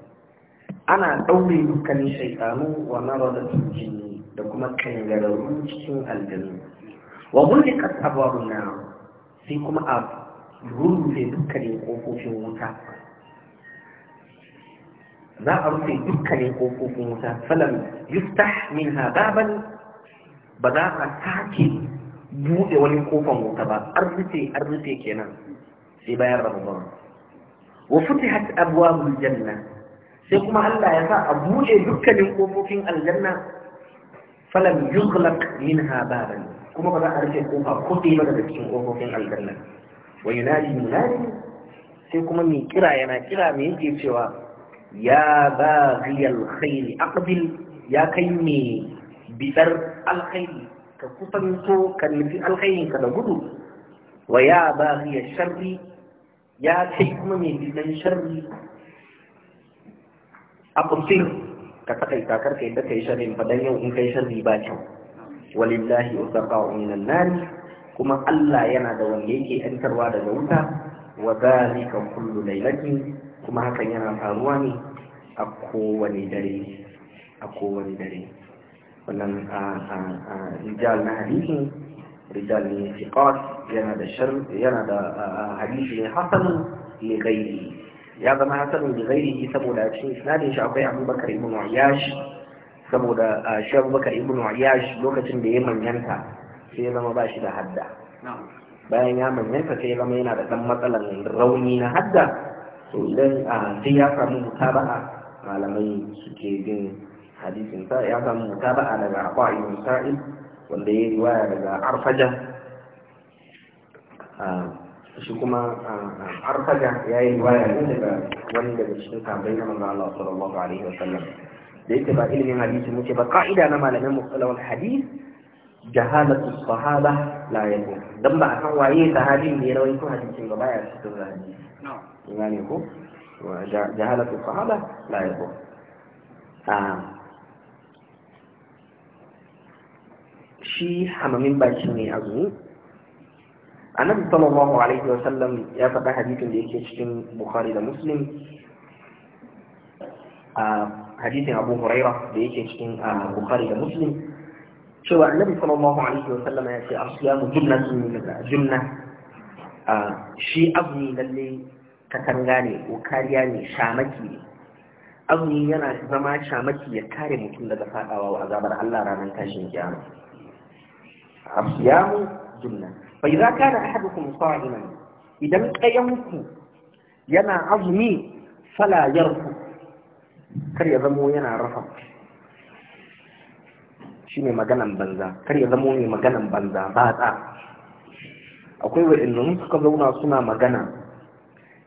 ana daure dukkanin shaytanu wa naradatul jinni da kuma kangararru cikin aljanu wa bulikat abwabun sai kuma a rufe dukkanin kofofin wuta za a rufe dukkanin kofofin wuta falam yuftah minha baban ba za a sake buɗe wani kofan wuta ba an rufe an rufe kenan sai bayan ramadan wa futihat abwabul janna sai kuma Allah ya sa a buɗe dukkanin kofofin aljanna falam yughlaq minha baban kuma ba za a rufe kofa ko dai ba daga cikin kofofin aljanna wa yunadi munadi sai kuma mai kira yana kira me yake cewa ya baghi alkhair aqbil ya kai me bidar alkhair ka kusanto ka nufi alkhairin ka da gudu wa ya baghi sharri ya kai kuma me bidan sharri abin ka ka karka yadda kai sharrin fa dan yau in kai sharri ba kyau walillahi usaqa'u minan nar kuma Allah yana da wanda yake antarwa daga wuta wa zalika kullu lailatin kuma hakan yana faruwa ne a kowane dare a kowane dare wannan rijal na hadisi rijal ne fiqat yana da shar yana da hadisi ne hasanun li ghairi ya zama hasanun li ghairi saboda a cikin isnadin shi akwai Abubakar ibn Ayyash saboda shi Abubakar ibn Ayyash lokacin da ya manyanta sai ya zama ba shi da hadda bayan ya manyanta sai ya zama yana da dan matsalan rauni na hadda to idan ah, sai ya samu mutaba'a malamai suke bin hadisin sa ya samu mutaba'a daga Abu Ibn Sa'id wanda ya riwaya daga Arfaja ah, shi kuma ah, Arfaja ya yi riwaya ne daga wani daga cikin sahabbai na manzo Allah sallallahu alaihi wa sallam da yake ba ilimin hadisi muke ba ka'ida na malamin musalawal hadis jahalatu sahaba la yakun dan ba a san waye sahabin ne ya rawaito hadisin ba ya cikin hadisi إيمان يكون وجهالة الصحابة لا يكون آه. شي حمامين باشيني أزمي النبي صلى الله عليه وسلم يفتح حديث ليك يشتم بخاري لمسلم آه، حديث أبو هريرة ليك يشتم آه، بخاري لمسلم شو النبي صلى الله عليه وسلم يأتي أصيام جنة من الجنة شيء أبني للي katanga ne ko kariya ne shamaki ne azumi yana zama shamaki ya kare mutum daga fadawa wa azabar Allah ranar tashin kiyama asiyamu junna fa idza kana ahadukum sa'iman idan kayanku yana azumi fala yarfu kar ya zamo yana rafa ne maganan banza kar ya zamo ne maganan banza ba ta akwai wa'annan suka zauna suna magana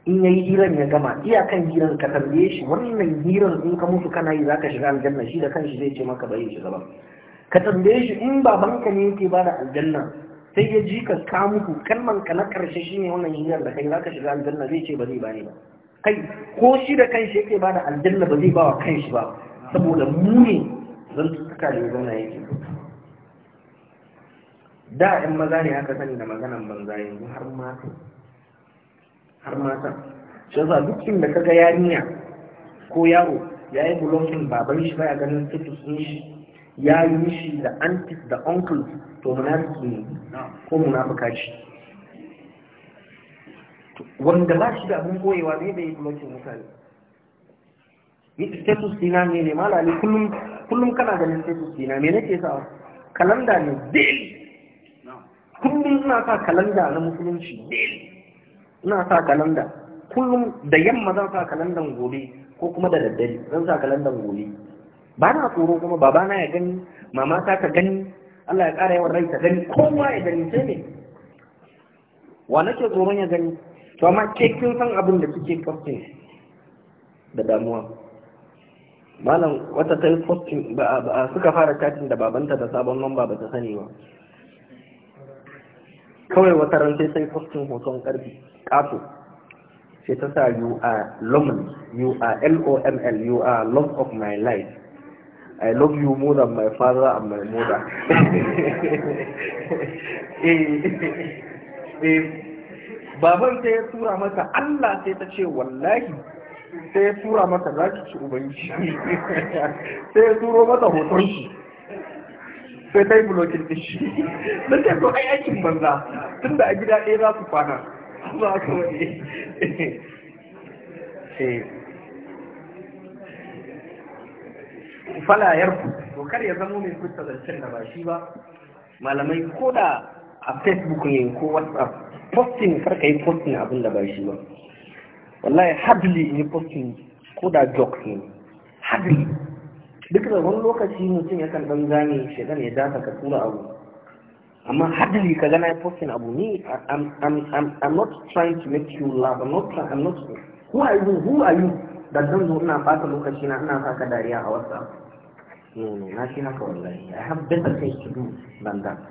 in yayi hirar ya gama iya kan hirar ka tambaye shi wannan hirar in ka mutu kana yi zaka shiga aljanna shi da kanshi zai ce maka bai shiga ba ka tambaye shi in babanka ne yake ba da aljanna sai ya ji ka ka mutu kalman ka na karshe shine wannan hirar da kai zaka shiga aljanna zai ce ba zai bani ba kai ko shi da kanshi yake ba da aljanna ba zai ba wa kanshi ba saboda mu ne zan tuka da zauna yake da in maza ne aka sani da maganan banza yanzu har mata har mata shi yasa duk inda kaga yarinya ko yaro ya yi bulokin baban shi baya ganin titus din shi ya yi shi da aunties da uncles to munafiki ne ko munafuka shi wanda ba shi da abin koyewa zai da yi bulokin mutane yi status dina ne ne malali kullum kullum kana ganin status dina me nake sa kalanda ne daily kullum ina sa kalanda na musulunci daily ina sa kalanda kullum da yamma zan sa kalandan gobe ko kuma da daddare zan sa kalandan gobe ba na tsoro kuma babana ya gani mama ta ta gani Allah ya ƙara yawan rai ta gani kowa ya gani sai ne wa nake tsoron ya gani to amma ke kin san abin da kike kwastin da damuwa malam wata ta yi ba suka fara chatting da babanta da sabon mamba ba ta sani ba kawai wata ran sai sai kwastin hoton karfi ƙato sai ta sa you are lomon you are l-o-m-l you are love of my life i love you more than my father and my mother eh, eh, baban sai ya tura mata allah sai ta ce wallahi sai ya tura mata za ki ci ubanci sai ya turo mata hoton shi sai ta yi bulokin da shi don ta zo ai aikin banza tunda a gida ɗaya za su kwana ba ka wani eh. fala yarku to kar ya zamo mai kusa zancen da ba shi ba malamai ko da a facebook ne ko whatsapp posting farka yi posting abin da ba shi ba wallahi hardly ne posting ko da jokes ne hardly duk da wani lokaci mutum ya kan dan zane shedan ya dafa ka tura abu amma hadari ka gana posting abu ni I'm, I'm, I'm, I'm not trying to make you laugh I'm not trying, I'm not who are you who are you da zan zo ina baka lokaci na ina saka dariya a WhatsApp no no na shi haka wallahi I have better things to do than that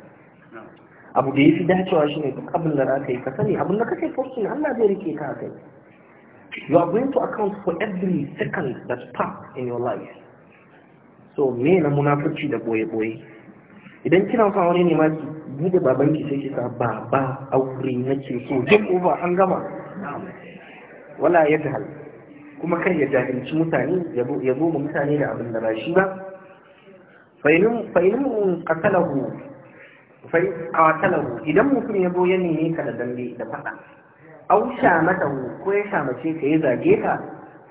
abu da yafi dacewa shine duk abin da zaka yi ka sani abin da kake posting Allah zai rike ka kai you are going to account for every second that passed in your life so me na munafurci da boye boye idan kina son aure ne ma ni da babanki sai kika ba aure nake so duk uba an gama wala ya hal. kuma kan ya jahilci mutane ya zo mutane da abin da ba shi ba fa'ilin katalahu qatalahu idan mutum ya zo ya neme ka da dambe da fada au hu, ko ya shamace ka ya zage ka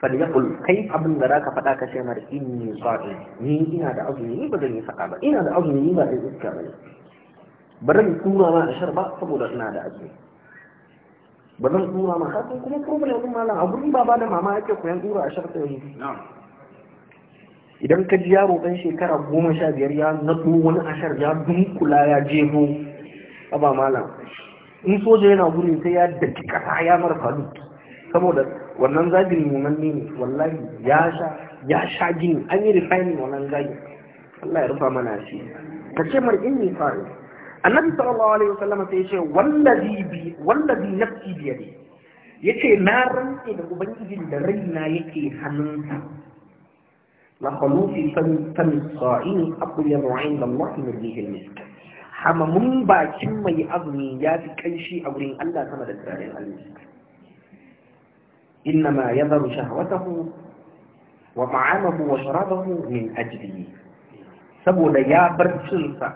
falyaqul kai abin da zaka faɗa ka shemar mar inni sa'in ni ina da azumi ni ba zan yi faɗa ba ina da azumi ni ba zan iska ba ne ba zan tura ma ashar ba saboda ina da aji ba zan tura ma kasan kuma problemin din malam a gurin baba da mama yake koyan tura ashar ta yanzu idan ka ji yaro dan shekara goma sha biyar ya naɗo wani ashar ya dunkula ya jeho ba malam in soja yana gurin sai ya daki kasa ya mara faru saboda wannan zagin nunan ne wallahi ya sha ya sha gini an yi refining wannan zagin Allah ya rufa mana shi ka ce mar inni fa'il annabi sallallahu alaihi wasallam sai yace wallazi bi wallazi nafsi bi yadi yace na rantse da ubangijin da raina yake hannunsa la khalufi fan fan sa'in aqul ya ru'in Allah min rihil misk hamamun bakin mai azumi ya fi kanshi a wurin Allah sama da turaren almisk إنما يذر شهوته وطعامه وشرابه من أجله سبو يا برسلسة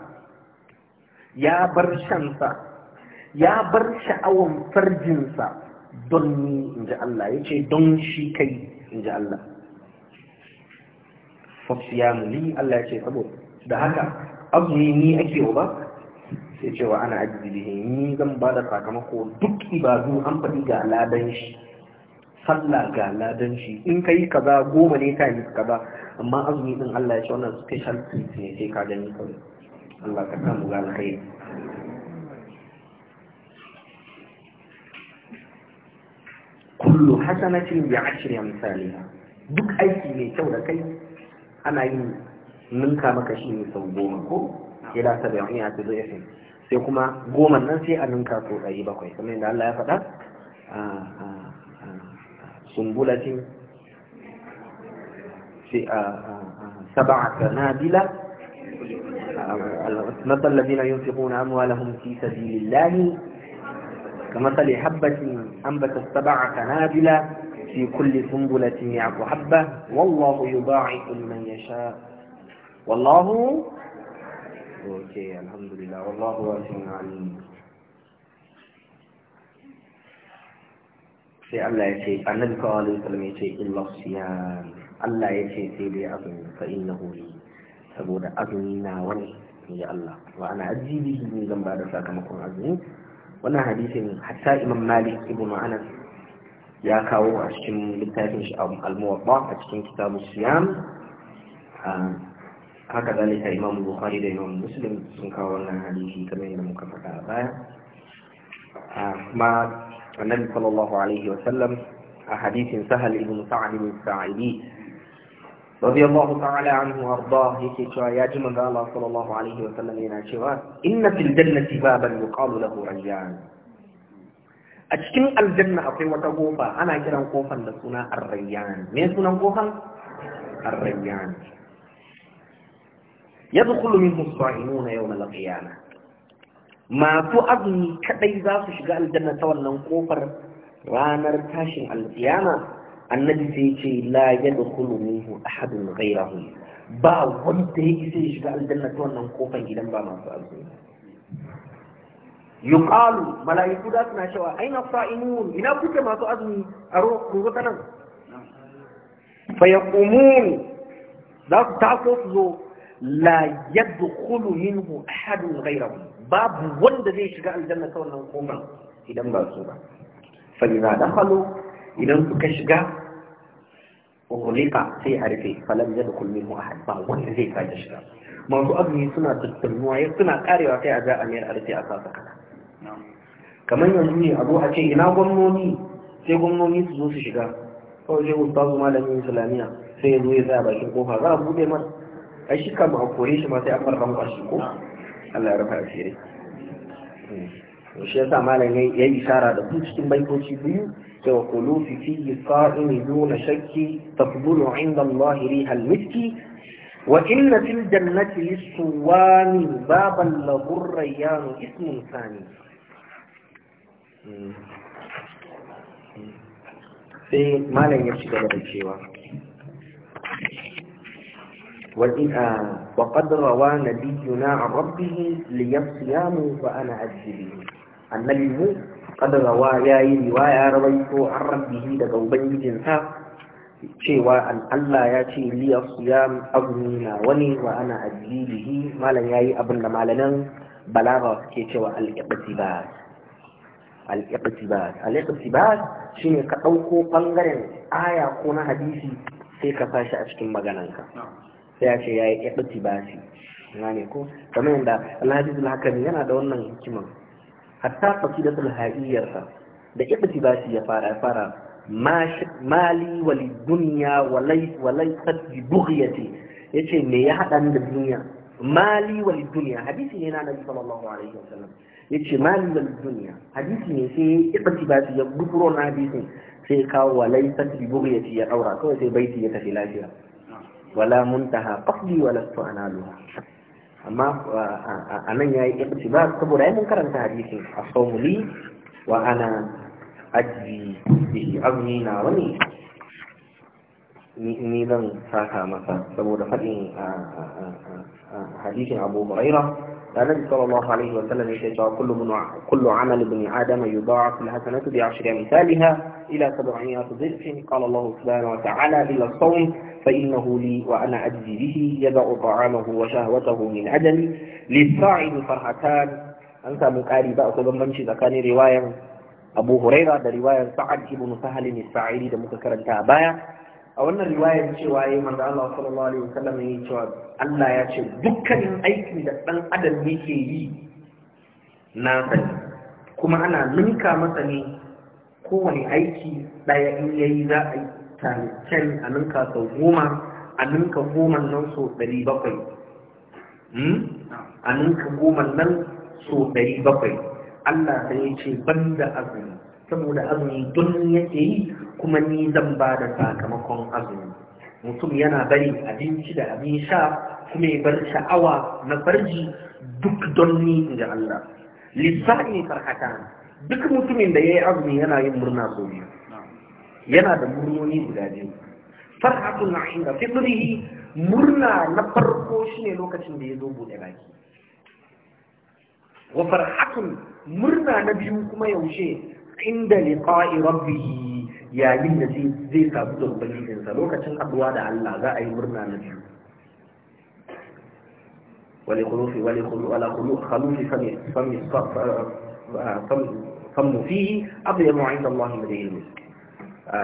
ya bar shansa ya bar sha'awan farjinsa don ni in ji Allah ya ce don shi kai in ji Allah ya li Allah ya ce saboda da haka azumi ni ake ba sai cewa ana ajiye ni zan ba da sakamako duk ibadu an faɗi ga ladan shi sallah ga ladan shi in kai kaza goma ne ka yi kaza amma azumi din Allah ya ce wannan special treat ne sai ka gani kawai Allah ka samu ga alkhairi kullu hasanatin bi ashri amsalha duk aiki mai kyau da kai ana yin ninka maka shi ne sau goma ko ila sab'in ya tuzo yasin sai kuma goma nan sai a ninka sau ɗari bakwai kamar yadda Allah ya faɗa sumbulatin sai a saba'a sanabila مثل الذين ينفقون أموالهم في سبيل الله كمثل حبة أنبتت سبع قنابل في كل سنبلة مئة حبة والله يضاعف لمن يشاء والله أوكي الحمد لله والله واسع عليم sai Allah ya ce annabi sallallahu alaihi wasallam ya ce illa siyam Allah ya ce sai dai saboda azumi na wani ya Allah wa ana ajibi ne zan ba da sakamakon azumi wannan hadisi ne hatta imam malik ibn anas ya kawo a cikin littafin shi al-muwatta a cikin kitabu siyam haka zalika imam bukhari da imam muslim sun kawo wannan hadisi kamar yadda muka faɗa a baya kuma annabi sallallahu alaihi wa sallam a hadisin sahal ibn sa'd ibn sa'idi رضي الله تعالى عنه وارضاه يكيشوا يا جمد الله صلى الله عليه وسلم إن في الجنة بابا يقال له ريان أشكن الجنة أطيوة قوفا أنا كنا نقوفا لسنا الريان من سنا نقوفا الريان يدخل منه الصائمون يوم القيامة ما تؤذني كبيزا في شغال الجنة تولى قوفا رانر تاشن القيامة annabi sai ce la yadkhulu minhu ahadun ghayrahu ba wanda ya isa ya shiga aljanna ta wannan kofan gidan ba masu azumi yuqalu malaiku da suna cewa aina sa'imun ina kuke masu azumi a ruwa ta nan fa yaqumun za su taso su zo la yadkhulu minhu ahadun ghayrahu babu wanda zai shiga aljanna ta wannan kofan idan ba su ba fa idza dakhalu idan suka shiga ughliqa sai a rufe falam yadkhul a haɗu ba wani zai sake shiga masu azumi suna tattalnuwa ya suna karewa sai a ga a a rufe a sasa kana kamar yanzu ne a zo a ce ina gwamnoni sai gwamnoni su zo su shiga kawai sai ustazu malamin islamiyya sai ya zo ya zaya bakin kofa za a buɗe mar A shi kama a kore shi ma sai an farfan kwashi ko Allah ya rufa asiri hmm. to Ya sa malamin ya yi isara da su cikin baitoci biyu والخلوف في القائم دون شك تقبل عند الله ريح المسك وإن في الجنة للصوان بابا له الريان اسم ثاني sai ما ya ci gaba وقد روى نبينا عن ربه لي فانا اجزي به الموت kada rawa ya yi riwaya ko an rabbihi daga ubangijinsa cewa an Allah ya ce liya ya abu na wani wa ana addilihi malam ya yi abin da malamin balaga suke cewa al-iqtibas al-iqtibas al-iqtibas shine ka ɗauko ɓangaren aya ko na hadisi sai ka fashi a cikin magananka sai ya ce ya yi iqtibasi na ne ko kamar yadda al-hadithul yana da wannan hikimar hatta qasidatul haiyarsa da iqtibasi ya fara fara mali wali dunya walai walai qadbi bughyati yace me ya hada da duniya mali wali dunya hadisi ne na nabi sallallahu alaihi wasallam yace mali wali dunya hadisi ne sai iqtibasi ya gufuro na hadisin sai kawo walai qadbi bughyati ya daura kawai sai baiti ya tafi lafiya wala muntaha qasdi wala su'analuha amma a nan ya yi iktibar saboda ya mun karanta hadisin a somuli wa ana aji bihi azumi na wani ni zan saka masa saboda faɗin hadisin abu huraira النبي صلى الله عليه وسلم يقول كل من كل عمل ابن ادم يضاعف الحسنات بعشر امثالها الى سبعمائة ضعف قال الله سبحانه وتعالى الا الصوم فإنه لي وأنا أجزي به يدع طعامه وشهوته من عدم للصاعد فرحتان أنت مقاري بقى tsakanin بمشي ذكاني رواية أبو هريرة ده رواية سعد بن سهل السعيد ده مكرر تابايا a wannan riwayar cewa ya manzo Allah sallallahu alaihi wasallam ya Allah ya ce dukkanin aiki da ɗan adam ke yi na sani kuma ana ninka masa ne kowane aiki ɗaya in yayi za a yi times a ninka sau goma a ninka goma nan so bakwai hmm? a ninka goma nan so bakwai, Allah ta ya ce ban da azumi saboda azumi don yake yi kuma ni zan ba da sakamakon azumi mutum yana bari abinci da abin sha kuma ya bar sha'awa na farji duk don ni ga Allah Lissafin farhatan duk mutumin da ya yi azumi yana yin murna sau biyu yana da murnoni guda biyu farhatun na inda fitrihi murna na farko shine lokacin da ya zo buɗe baki wa farhatun murna na biyu kuma yaushe inda liqa'i rabbihi yayin da zai samu da ubangijinsa lokacin haɗuwa da Allah za a yi murna na biyu ولخلوف ولخلوف على خلوف فم فم فم فيه أطيب عند الله من المسك a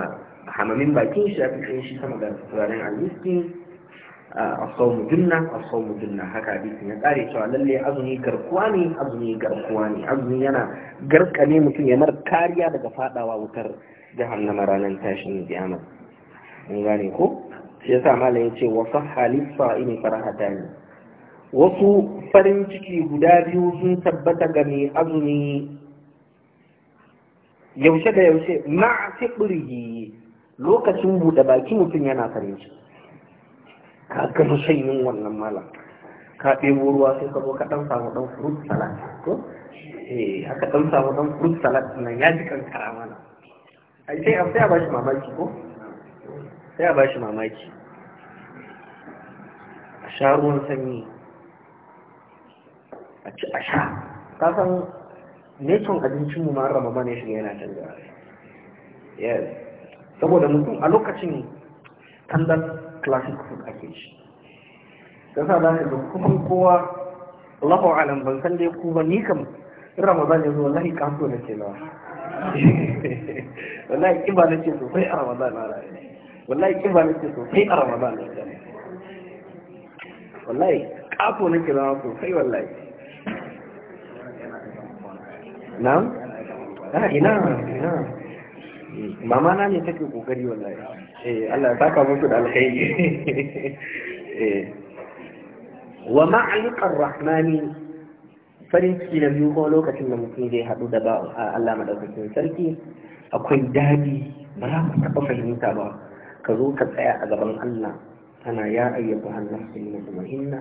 hamamin bakin shi aka kai shi sama da turaren almiskin a saumu junna a saumu junna haka hadisin ya kare cewa lalle azumi garkuwa ne azumi garkuwa ne azumi yana garkane mutum ya mar kariya daga fadawa wutar jahannama ranar tashin kiyama mun gane ko shi yasa malam yace wa sahha lis-sa'imi wasu farin ciki guda biyu sun tabbata ga mai azumi yaushe da yaushe ma'a fiɗirhi lokacin buɗe baki mutum yana farin shi ka gano sanyin wannan malam ka ɗebo ruwa sai ka zo ka ɗan samu ɗan fruit salad ko eh haka ɗan samu ɗan fruit salad nan ya ji kankara mana ai sai a ba shi bashi mamaki ko sai a bashi mamaki a sha ruwan sanyi a ci a sha ka san neton abincin mu mara ramadan ya shiga yana canza yes saboda mutum a lokacin standard classic food ake shi da sa zaka da kuma kowa Allahu alam ban san dai ku ba ni kam ramadan ya zo wallahi kaso na ce lawa wallahi kiba na ce sosai a ramadan na rayu wallahi kiba na ce sosai a ramadan na wallahi kaso na ke lawa sosai wallahi na'am a ah, ina ina mama na ne take kokari wallahi eh Allah ya saka muku da alkhairi eh wa ma'aliqar rahmani farin ciki na biyu ko lokacin da mutum zai hadu da ba Allah madaukakin sarki akwai dadi ba za mu taɓa fahimta ba ka zo ka tsaya a gaban Allah kana ya ayyuka Allah sai na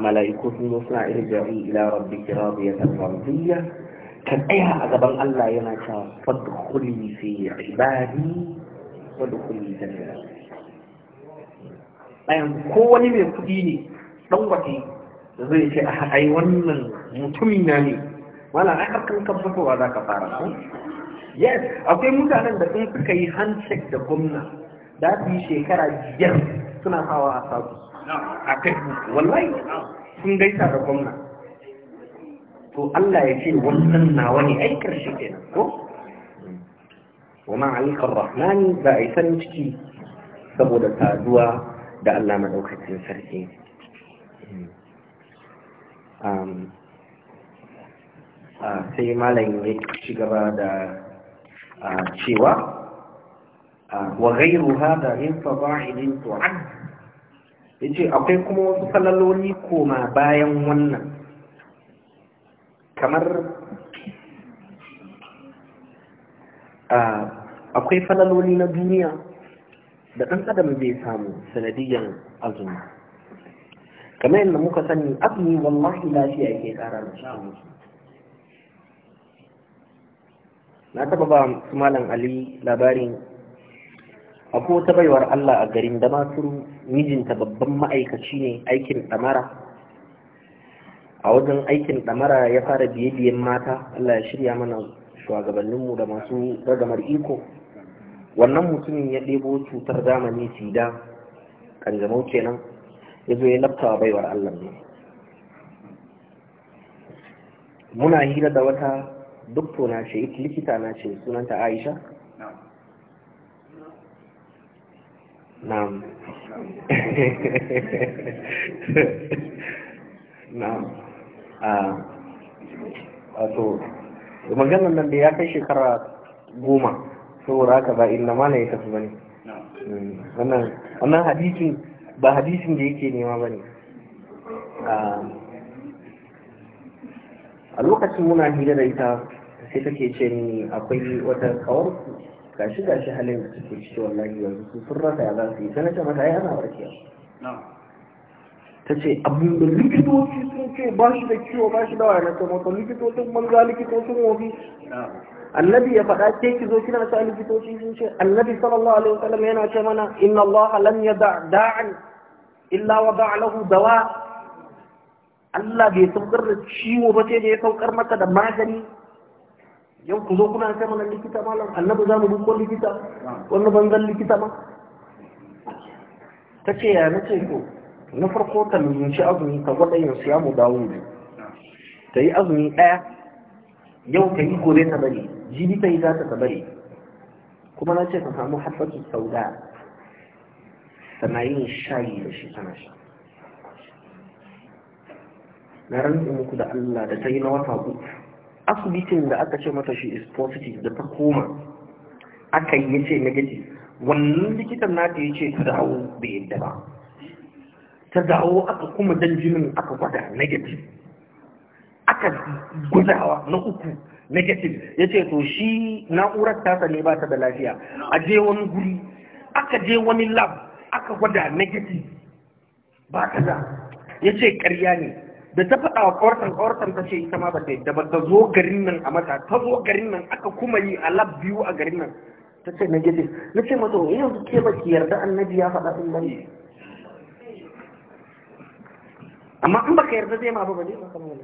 mala'iku sun zo suna irjari ila ya radiyatan mardiyya ka tsaya a gaban Allah yana cewa fadkhuli fi ibadi wadkhuli jannati ayan ko wani mai kudi ne dan wata zai ce a ai wannan mutumin na ne wala ai harkan kan fitowa za ka fara ko yes akwai mutanen da sun suka yi handshake da gwamna da su yi shekara biyar suna hawa a sabu a facebook wallahi sun gaisa da gwamna to Allah ya ce wannan nawa ne ai karshe kenan ko wa ma alika rahmani ba a sanin ciki saboda saduwa da Allah madaukakin sarki sai malam ya ci gaba da cewa wa ghayru hada min fada'ilin tu'ad Yace akwai kuma wasu falaloli koma bayan wannan kamar akwai falaloli na duniya da ɗan adam bai samu sanadiyan azumi kamar yadda muka sani azumi wallahi lafiya yake ƙara da shi na taɓa ba su malam ali labarin akwai wata baiwar Allah a garin da masu mijinta babban ma'aikaci ne aikin ɗamara a wajen aikin ɗamara ya fara biye-biyen mata Allah ya shirya mana shugabanninmu da masu ragamar iko wannan mutumin ya ɗebo cutar zamani sida kanjamau kenan ya zo ya laftawa baiwar Allah ne muna hira da wata duk na shi likita na ce sunanta Aisha na'am na'am a ah, maganar nan da ya kai shekara goma saboda haka ba inna ma na ya tafi bane mm, wannan wannan hadisin ba hadisin da yake nema bane ah, a lokacin muna hira da ita sai take ce ni akwai wata kawar gashi gashi halin da suke ciki wallahi yanzu su sun rasa ya za su yi sai na mata ai ana warkewa ta ce abin da likitoci sun ce ba shi da ciwo ba shi da waya na ce mata likitocin banza likitocin wofi annabi ya faɗa ke ki zo kina sa likitoci sun ce annabi sallallahu alaihi wasallam yana ce mana inna allaha lam yada da'an illa wa da'a lahu dawa Allah bai saukar da ciwo ba sai da ya saukar masa da magani yau ku zo kuna kai mana likita malam annabi za mu dukkan likita wani banzan likita ma ta ce ya nace ko, na farko ta nunci azumi ka gwada yin siya mu dawo ne ta yi azumi ɗaya yau ta yi gobe ta bari jibi ta yi za ta bari kuma na ce ka samu haɓaki sau da tana shayi da shi tana sha na rantsa muku da Allah da ta yi na wata uku asibitin da aka ce mata shi is positive da ta koma aka yi ya ce negative wannan likitan nata ya ce ta dawo bai yadda ba ta dawo aka kuma dan jinin aka gwada negative aka gudawa na uku negative ya ce to shi na'urar tasa ne ba ta da lafiya a je wani guri aka je wani lab aka gwada negative ba ta da ya ce karya ne da ta faɗa wa ƙortan ƙortan ta ce ita ma ba ta yadda ba ta zo garin nan a mata ta zo garin nan aka kuma yi a lab biyu a garin nan ta ce na gidi na ce mata yanzu ke ba ki yarda annabi ya faɗa ɗin bane amma in baka yarda zai ma ba ba zai maka ba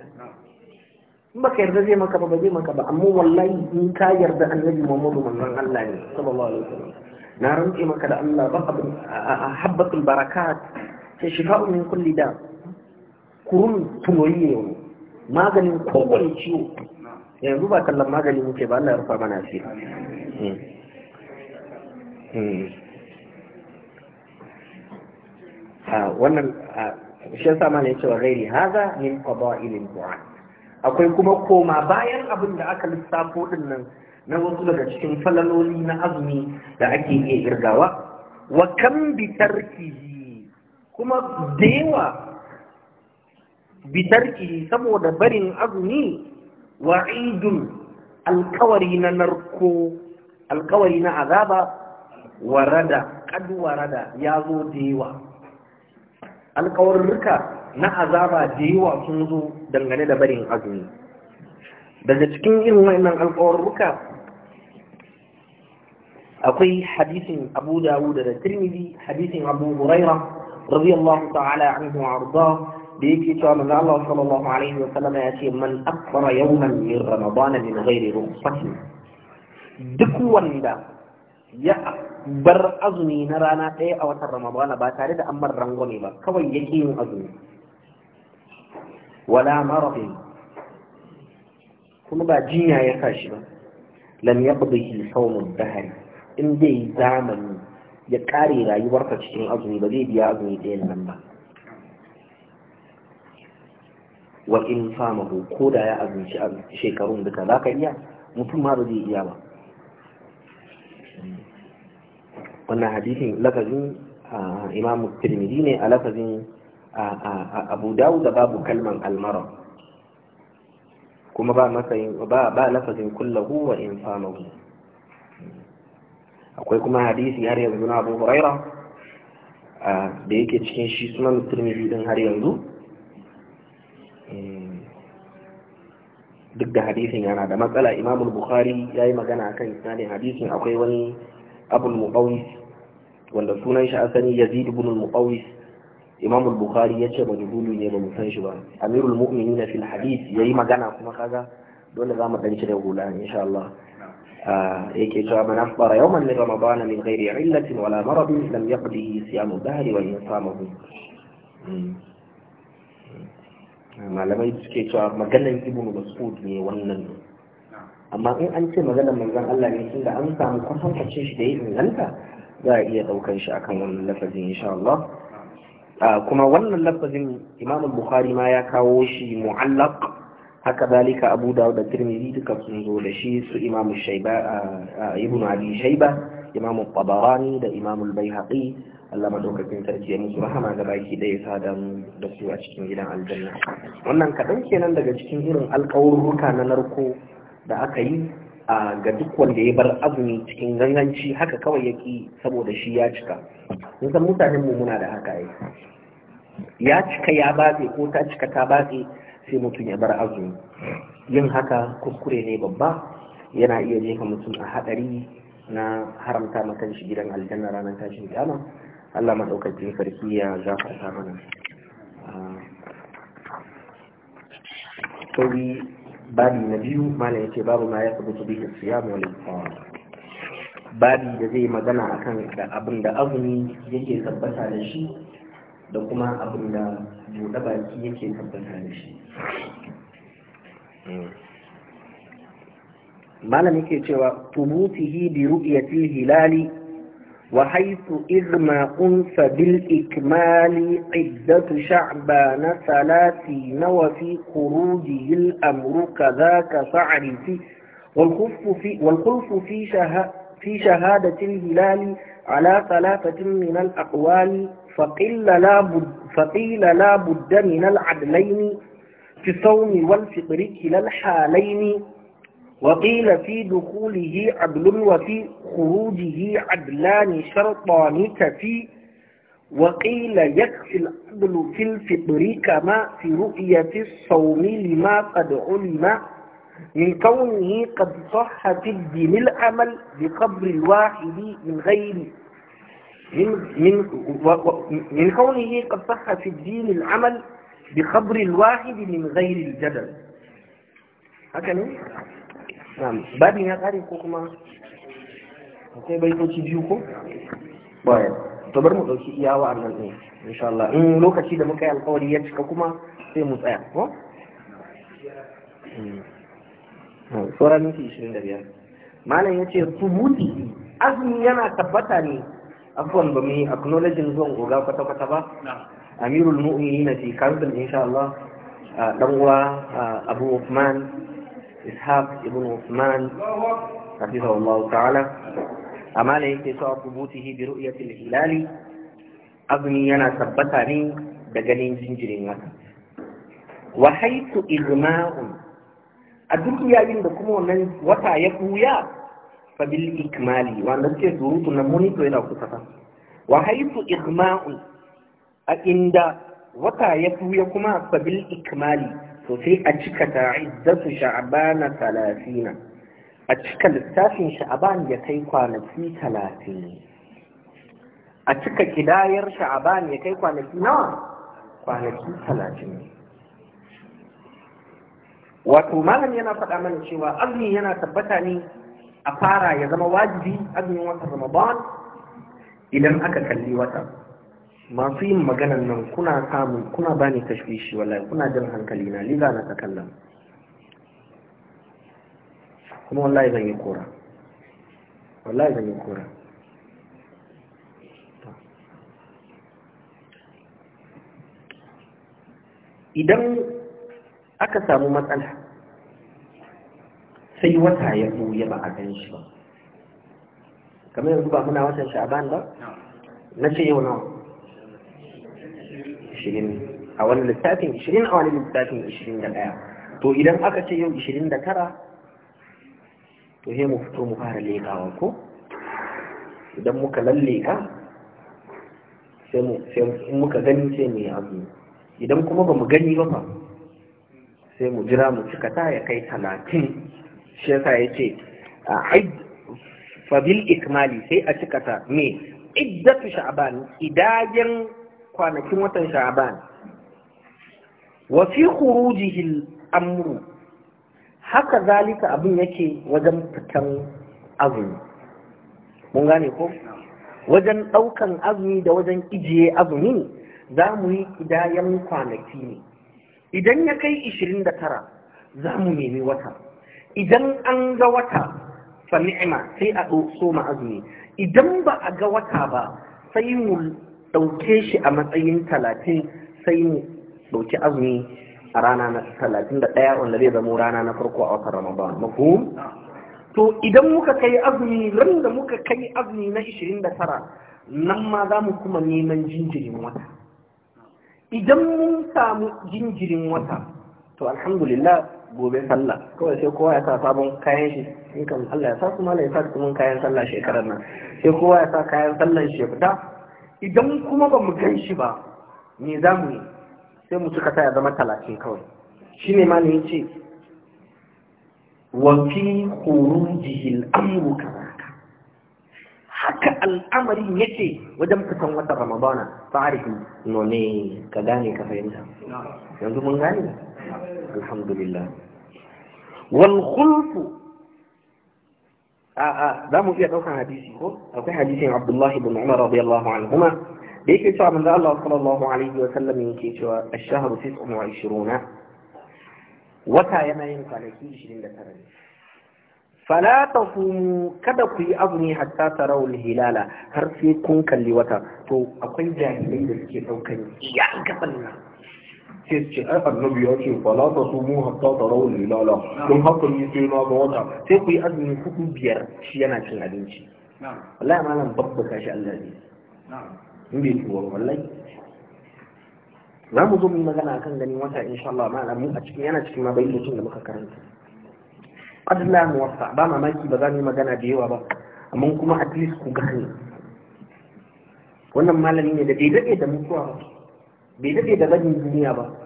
in baka yarda zai maka ba ba zai maka ba amma wallahi in ka yarda annabi Muhammadu manzon Allah ne sallallahu alaihi wasallam na rantse maka da Allah ba abin a habbatul barakat sai shifa'u min kulli da' kurun tunoyi ne wani maganin kowane ciwo yanzu ba kallon magani muke ba Allah ya rufa mana hmm. Hmm. Ah, ah, shi wannan shi yasa mana yace wa ghairi hadha min qaba'il du'a akwai kuma koma bayan abin da aka lissafo din nan na wasu daga cikin falaloli na azumi da ake iya girgawa wa kam bi tarkihi kuma da yawa bitarki saboda barin azumi wa'idun alkawari na narko alkawari na azaba warada kadu warada ya zo da yawa na azaba da sun zo dangane da barin azumi daga cikin irin wannan alkawarruka. akwai hadisin abu dawud da tirmidhi hadisin abu huraira radiyallahu ta'ala anhu wa da yake cewa manzo Allah sallallahu alaihi wasallam ya ce man akbara yawman min ramadan min ghairi rukhsatin duk wanda ya bar azumi na rana ɗaya a watan ramadana ba tare da an mar rangwame ba kawai yake yin azumi wala maradin kuma ba jinya ya kashi ba lam yaqdihi sawmud dahr in dai zamani ya kare rayuwarsa cikin azumi ba zai biya azumi ɗayan nan ba wa in famahu ko da ya abinci a shekarun duka za ka iya mutum ma ba zai iya ba wannan hadisin lafazin imamu tirmidhi ne a lafazin abu dawud da babu kalman almara kuma ba matsayin ba ba lafazin kullahu wa in famahu akwai kuma hadisi har yanzu na abu huraira da yake cikin shi sunan tirmidhi din har yanzu duk da hadisin yana da matsala imam bukhari ya yi magana akan isnadin hadisin akwai wani abul muqawis wanda sunan shi asali yazid ibn muqawis imam bukhari ya ce majhulu ne ba mu san shi ba amirul mu'minin fil hadis yayi magana kuma kaga dole za mu dan cire hula insha Allah yake cewa man afbara yawman min ramadana min ghairi illatin wala maradin lam yaqdi siyamu dahri wa in samahu malamai suke cewa maganan ibnu mas'ud ne wannan amma in an ce maganar manzon Allah ne tunda an samu kwatantacin shi da ya inganta za a iya ɗaukar shi akan wannan lafazin insha Allah kuma wannan lafazin Imam Bukhari ma ya kawo shi mu'allaq haka zalika Abu Dawud da Tirmidhi duka sun zo da shi su Imam Shayba Ibn Abi Shayba Imam Tabarani da Imam Al-Baihaqi Allah madaukakin sarki ya musu rahama ga baki ɗaya sa mu da su a cikin gidan aljanna wannan kaɗan kenan daga cikin irin alƙawurruka na narko da aka yi a ga duk wanda ya bar azumi cikin ganganci haka kawai ya ki saboda shi ya cika mun san mutanen mu muna da haka yi ya cika ya batse ko ta cika ta batse sai mutum ya bar azumi yin haka kuskure ne babba yana iya jefa mutum a haɗari na haramta makan shi gidan aljanna ranar tashin kiyama Allah masaukaci sarki ya gafarta mana sauri babi na biyu malam yace babu ma ya sabutu bihi siyam wal babi da zai magana akan da abin da azumi yake tabbata da shi da kuma abin da buɗe baki yake tabbata da shi malam yake cewa tubutihi bi ru'yatil hilali وحيث إذ ما أنف بالإكمال عدة شعبان ثلاثين وفي خروجه الأمر كذاك فاعرف والخلف في, والخلف في, في شهادة الهلال على ثلاثة من الأقوال فقيل لا بد, فقيل لا بد من العدلين في الصوم والفطر كلا الحالين وقيل في دخوله عدل وفي خروجه عدلان شرطان كفي وقيل يكفي العدل في الفطر كما في رؤية الصوم لما قد علم من كونه قد صح في الدين العمل بقبر الواحد من غير من, من, من كونه قد صح في الدين العمل بقبر الواحد من غير الجدل هكذا babin ya kare ko kuma akwai baitoci biyu ko bayan to bar mu dauki iya wa'annan ɗin insha in lokaci da muka yi alkawari ya cika kuma sai mu tsaya ko tsoron hmm. minti 25 malam ya ce subuti azumi yana tabbata ne afuwan ba mu yi acknowledging zuwan goga kwata-kwata ba amirul mu'minin na fi kanzul insha Allah dan uwa abu Uthman ishaq ibn usman hafizahullahu ta'ala amma da yake sa qubutihi bi ru'yati al-hilal azmi yana tabbata ne da ganin jinjirin wata wa haythu igma'un a duk yayin da kuma wannan wata ya buya fa bil ikmali wanda suke surutu na monito yana kusa ta wa haythu igma'un a inda wata ya buya kuma fa bil ikmali to sai a cika ta'izzatu na talatina a cika littafin sha'aban ya kai kwanaki talatin a cika kidayar sha'aban ya kai kwanaki nawa kwanaki talatin wato malam yana faɗa mana cewa azumi yana tabbata ne a fara ya zama wajibi azumin wata ramadan idan aka kalli wata masu yin maganan nan kuna samun kuna ba ni tashwishi wallahi kuna jin hankali na liza na takallam kuma wallahi zan yi kora wallahi zan yi kora idan aka samu matsala sai wata ya zo ya ba a gan shi ba kamar yanzu ba muna watan sha'aban ba na ce yau nawa 20 a wani littafin 20 a wani littafin 21 to idan aka ce yau 29 to he mu fito mu fara lekawa ko idan muka lalleka sai muka gani sai mu yi abu idan kuma ba mu gani ba ba sai mu jira mu cika ta ya kai talatin shi yasa ya ce a fabil ikmali sai a cika ta me tu sha'ban idajen kwanakin watan sha'aban wa fi khurujihi amru haka zalika abin yake wajen fitan azumi mun gane ko wajen ɗaukan azumi da wajen ijiye azumi za mu yi ƙidayen kwanaki ne idan ya kai 29 za mu nemi wata idan an ga wata fa ni'ima sai a soma azumi idan ba a ga wata ba sai mu ɗauke shi a matsayin talatin sai mu ɗauki azumi a rana na talatin da ɗaya wanda zai zama rana na farko a watan ramadan mafhum to idan muka kai azumi ran da muka kai azumi na ishirin da tara nan ma za mu kuma neman jinjirin wata idan mun samu jinjirin wata to alhamdulillah gobe sallah kawai sai kowa ya sa sabon kayan shi in kan Allah ya sa kuma Allah ya sa kuma kayan sallah shekarar nan sai kowa ya sa kayan sallah shi fita idan kuma ba mu gan shi ba me za mu yi sai mu cika ya zama talatin kawai shi ne ma ne ya ce wafi horon jihil amuru haka al'amarin yake wajen fitan wata ramadana tsarin none ka gane ka fahimta yanzu mun gane alhamdulillah wal khulfu a'a za mu iya ɗaukar hadisi ko akwai hadisin abdullahi bin umar radiyallahu anhuma da yake cewa manzo Allah sallallahu alaihi wa sallam yake cewa ash-shahru 29 wata yana yin kwanaki 29 ne fala tasumu kada ku yi azumi hatta tarau hilala har sai kun kalli wata to akwai jahilai da suke daukan iya gaban nan sai su ce ai annabi ya ce fala ta su mu hatta ta rawul lilala don haka ni sai na ga wata sai ku yi azumi hudu biyar shi yana cin abinci wallahi malam babbaka shi Allah ne in bai tuwa wallahi za mu zo mu yi magana kan ganin wata insha Allah malam a cikin yana cikin ma da muka karanta Abdullahi muwaffa ba mamaki ba za mu yi magana da yawa ba amma kuma at least ku gane wannan malami ne da bai daɗe da mutuwa ba bai daɗe da rajin duniya ba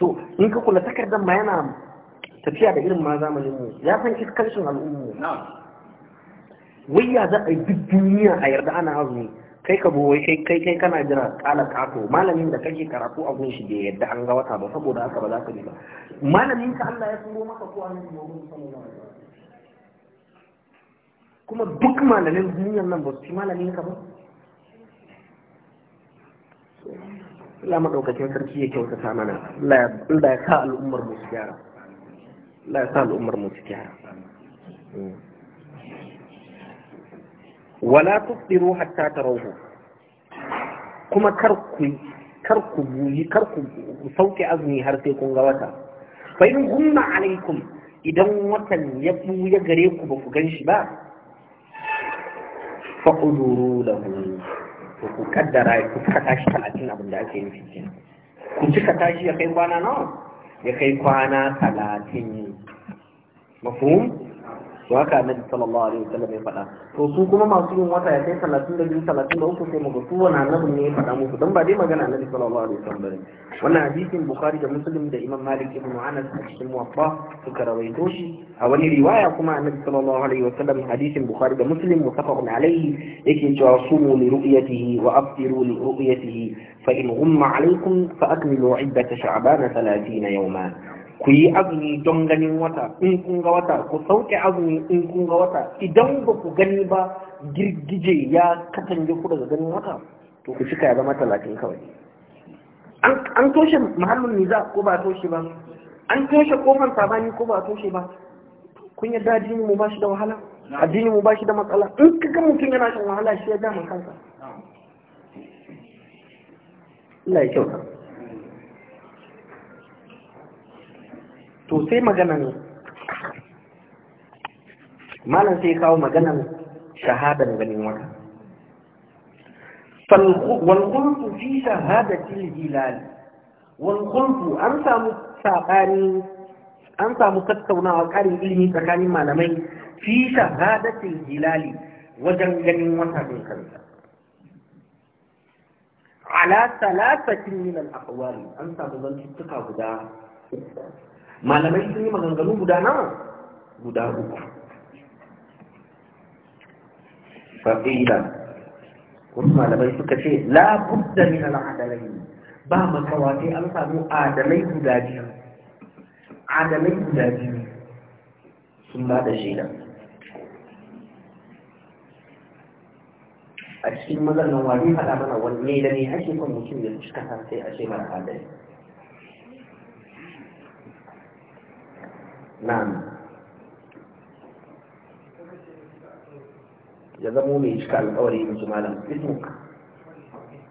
so in ka kula takardar ma yana tafiya da irin ma zamanin mu ya san iskarshin al'ummu wai ya za a yi duk duniya a yarda ana azumi kai ka bo wai kai kai kana jira kala kato malamin da kake karatu a gunshi da bai yadda an ga wata ba saboda haka ba za ka bi ba malamin ka Allah ya turo maka ko annabi Muhammad sallallahu alaihi wasallam kuma duk malamin duniyar nan ba su ci malamin ka ba Allah madaukakin sarki ya kyautata mana Allah ya sa al'ummar mu su gyara Allah ya sa al'ummar mu su gyara wala tufdiru hatta tarawhu kuma kar ku buyi kar ku sauke azumi har sai kun ga wata fa in gumma alaikum idan watan ya buya gare ku ba ku gan shi ba fa uduru lahu to ku kaddara ku ka tashi talatin abin da ake yi kenan ku cika tashi ya kai kwana nawa ya kai kwana talatin mafi to haka annabi sallallahu alaihi wasallam ya faɗa to su kuma masu yin wata ya kai 32 33 sai muga su wannan annabi ne ya faɗa musu dan ba dai magana annabi sallallahu alaihi wasallam bane wannan hadisin bukhari da muslim da imam malik ibn anas a cikin muwaffa suka rawaito shi a wani riwaya kuma annabi sallallahu alaihi wasallam hadisin bukhari da muslim mutafaqun alaihi yake cewa sumu li ru'yatihi wa aftiru li ru'yatihi fa in ghumma alaikum fa akmilu iddata sha'bana 30 yawma ku yi azumi don ganin wata in kun ga wata ku sauke azumi in kun ga wata idan ba ku gani ba girgije ya katange ku daga ganin wata to ku cika ya zama talatin kawai an toshe mahallin niza ko ba toshe ba an toshe kofar sabani ko ba toshe ba kun yadda addini mu ba shi da wahala addini mu ba shi da matsala in ka ga mutum yana shan wahala shi ya dama kansa Allah ya kyauta to sai maganan malam sai kawo maganan shahadan ganin wata والخلف في شهادة الهلال والخلف أنت مساقاني an samu tattaunawa ƙarin ilimi tsakanin malamai fi shahadatul hilali wajen ganin wata din kansa ala salasatin min al-aqwali an samu zantuttuka guda uku malamai sun yi maganganu guda nawa guda uku fa'ila wasu malamai suka ce la budda min al'adalai ba makawa sai an samu adalai guda biyu adalai guda biyu sun ba da a cikin mazan nan wani mana wanne da ne ake kan mutum ya cika sai a ce mara adalai na'am ya zamo mai cika alkawari musu malam ismuka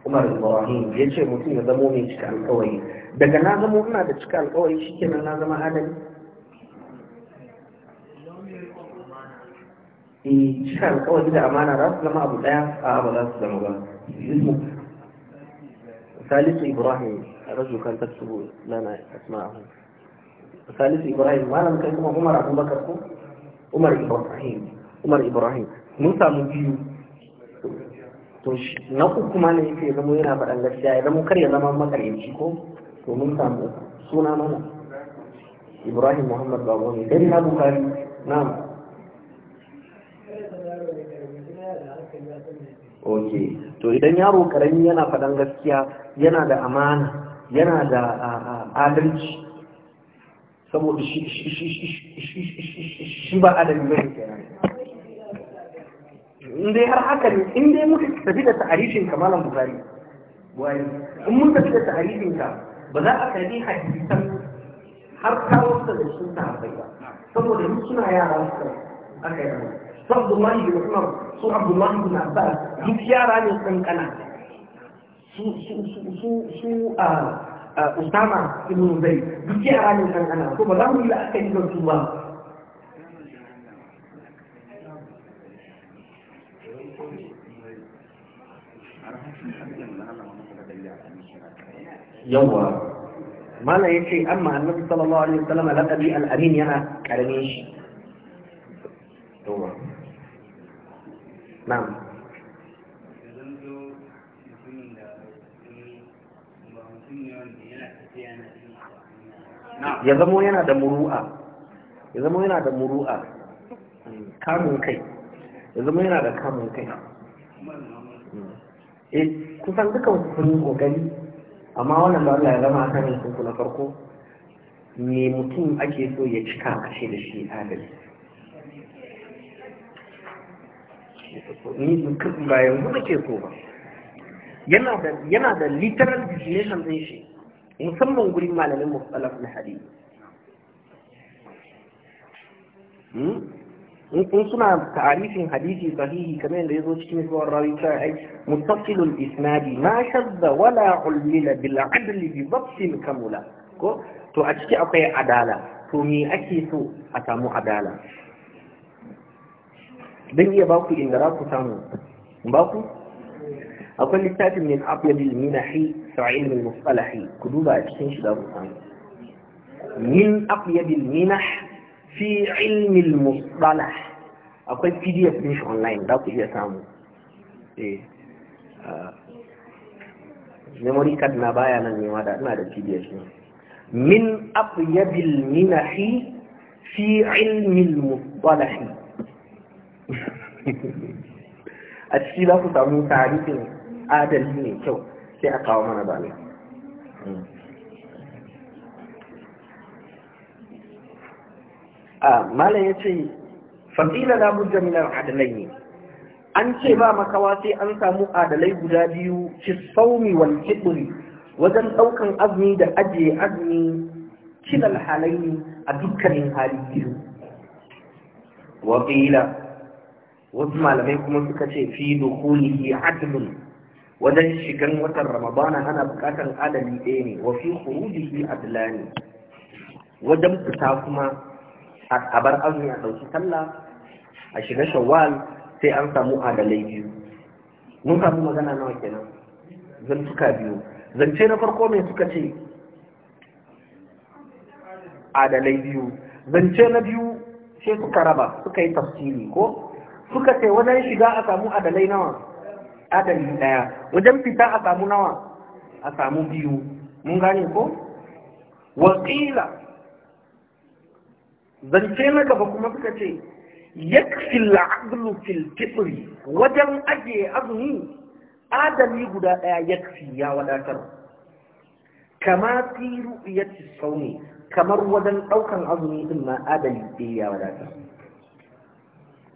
umar ibrahim ya ce mutum ya zamo mai cika alkawari daga na zamo ina da cika alkawari shikenan na zama adali e cika alkawari da amana za su zama abu daya a ba za su zama ba salisu ibrahim a rajukan tattubu lana asma'ahu salisu ibrahim malam kai kuma umar Bakar ko umar ibrahim umar ibrahim mun samu biyu to na ku kuma ne yake zama yana faɗan gaskiya ya zama kar ya zama makaryaci ko to mun samu suna mana ibrahim muhammad babu ne dai na bukari na'am ok to idan yaro karami yana faɗan gaskiya yana da amana yana da adalci saboda shi ba adami ba in dai har haka ne in dai muka tafi da ta'arifin ka malam bukari wani in mun tafi da ta'arifin ka ba za a karbi hadisan har kawo da sun sahabbai ba saboda mu suna yara su aka yi su abdullahi bin umar su abdullahi bin abbas duk yara ne kankana su su su su a Eh, Usama ibn Zaid duk yara ne kan ana ko ba za mu yi la'akari da su ba yawwa mana yace amma annabi sallallahu alaihi wasallam laqabi al-amin yana karamin shi yawwa na'am ya zamo yana da muru'a ya zamo yana da muru'a kamun kai ya zamo yana da kamun kai eh kusan dukan sun yi kokari amma wannan da Allah ya zama a kanin yin na farko me mutum ake so ya cika kashe da shi adali ni ba yanzu nake so ba yana da literal definition din shi مسمون قولي ما لم مختلف الحديث هم إن كنتنا تعريف حديث صحيح كمان ليزو تشكيم سوى الراوي كاي متصل الإسناد ما شذ ولا علل بالعدل بضبط كملا كو تو أشكي عدالة تومي مي أكيسو أتامو عدالة دنيا باقي إن راكو تامو باقي أقول لساتي من الأبيض المنحي في علم المصطلح كدوبا اتشين شداب من أقيد المنح في علم المصطلح أقول في دي أفنش أونلاين داو في دي أسامو إيه ميموري كاد نبايا نمي مادا نادا في دي أفنش من أقيد المنح في علم المصطلح اتشين شداب أونلاين أتشين شداب أونلاين sai a kawo mana bala ah, malam ya ce Fadila na budda adalai ne an ce ba makawa sai an samu adalai guda biyu ci saumi wal kibri wajen ɗaukan azumi da ajiye azumi kilal halayi a dukkanin hali biyu wa wasu malamai kuma suka ce fi dukulihi adlun wajen shigan watan ramadana ana bukatar adali ɗaya ne wa fi khurujihi adlani wajen fita kuma a bar azumi a ɗauki talla, a shiga shawwal sai an samu adalai biyu mun samu magana nawa kenan zantuka biyu zance na farko mai suka ce adalai biyu zance na biyu sai suka raba suka yi tafsiri ko suka ce wajen shiga a samu adalai nawa adadi daya wajen fita a samu nawa a samu biyu mun gane ko wakila zance na gaba kuma suka ce yakfi al'adlu fil fitri wajen ajiye azumi adami guda daya fi ya wadatar kama fi ru'yati sauni kamar wajen daukan azumi din ma adali ya wadatar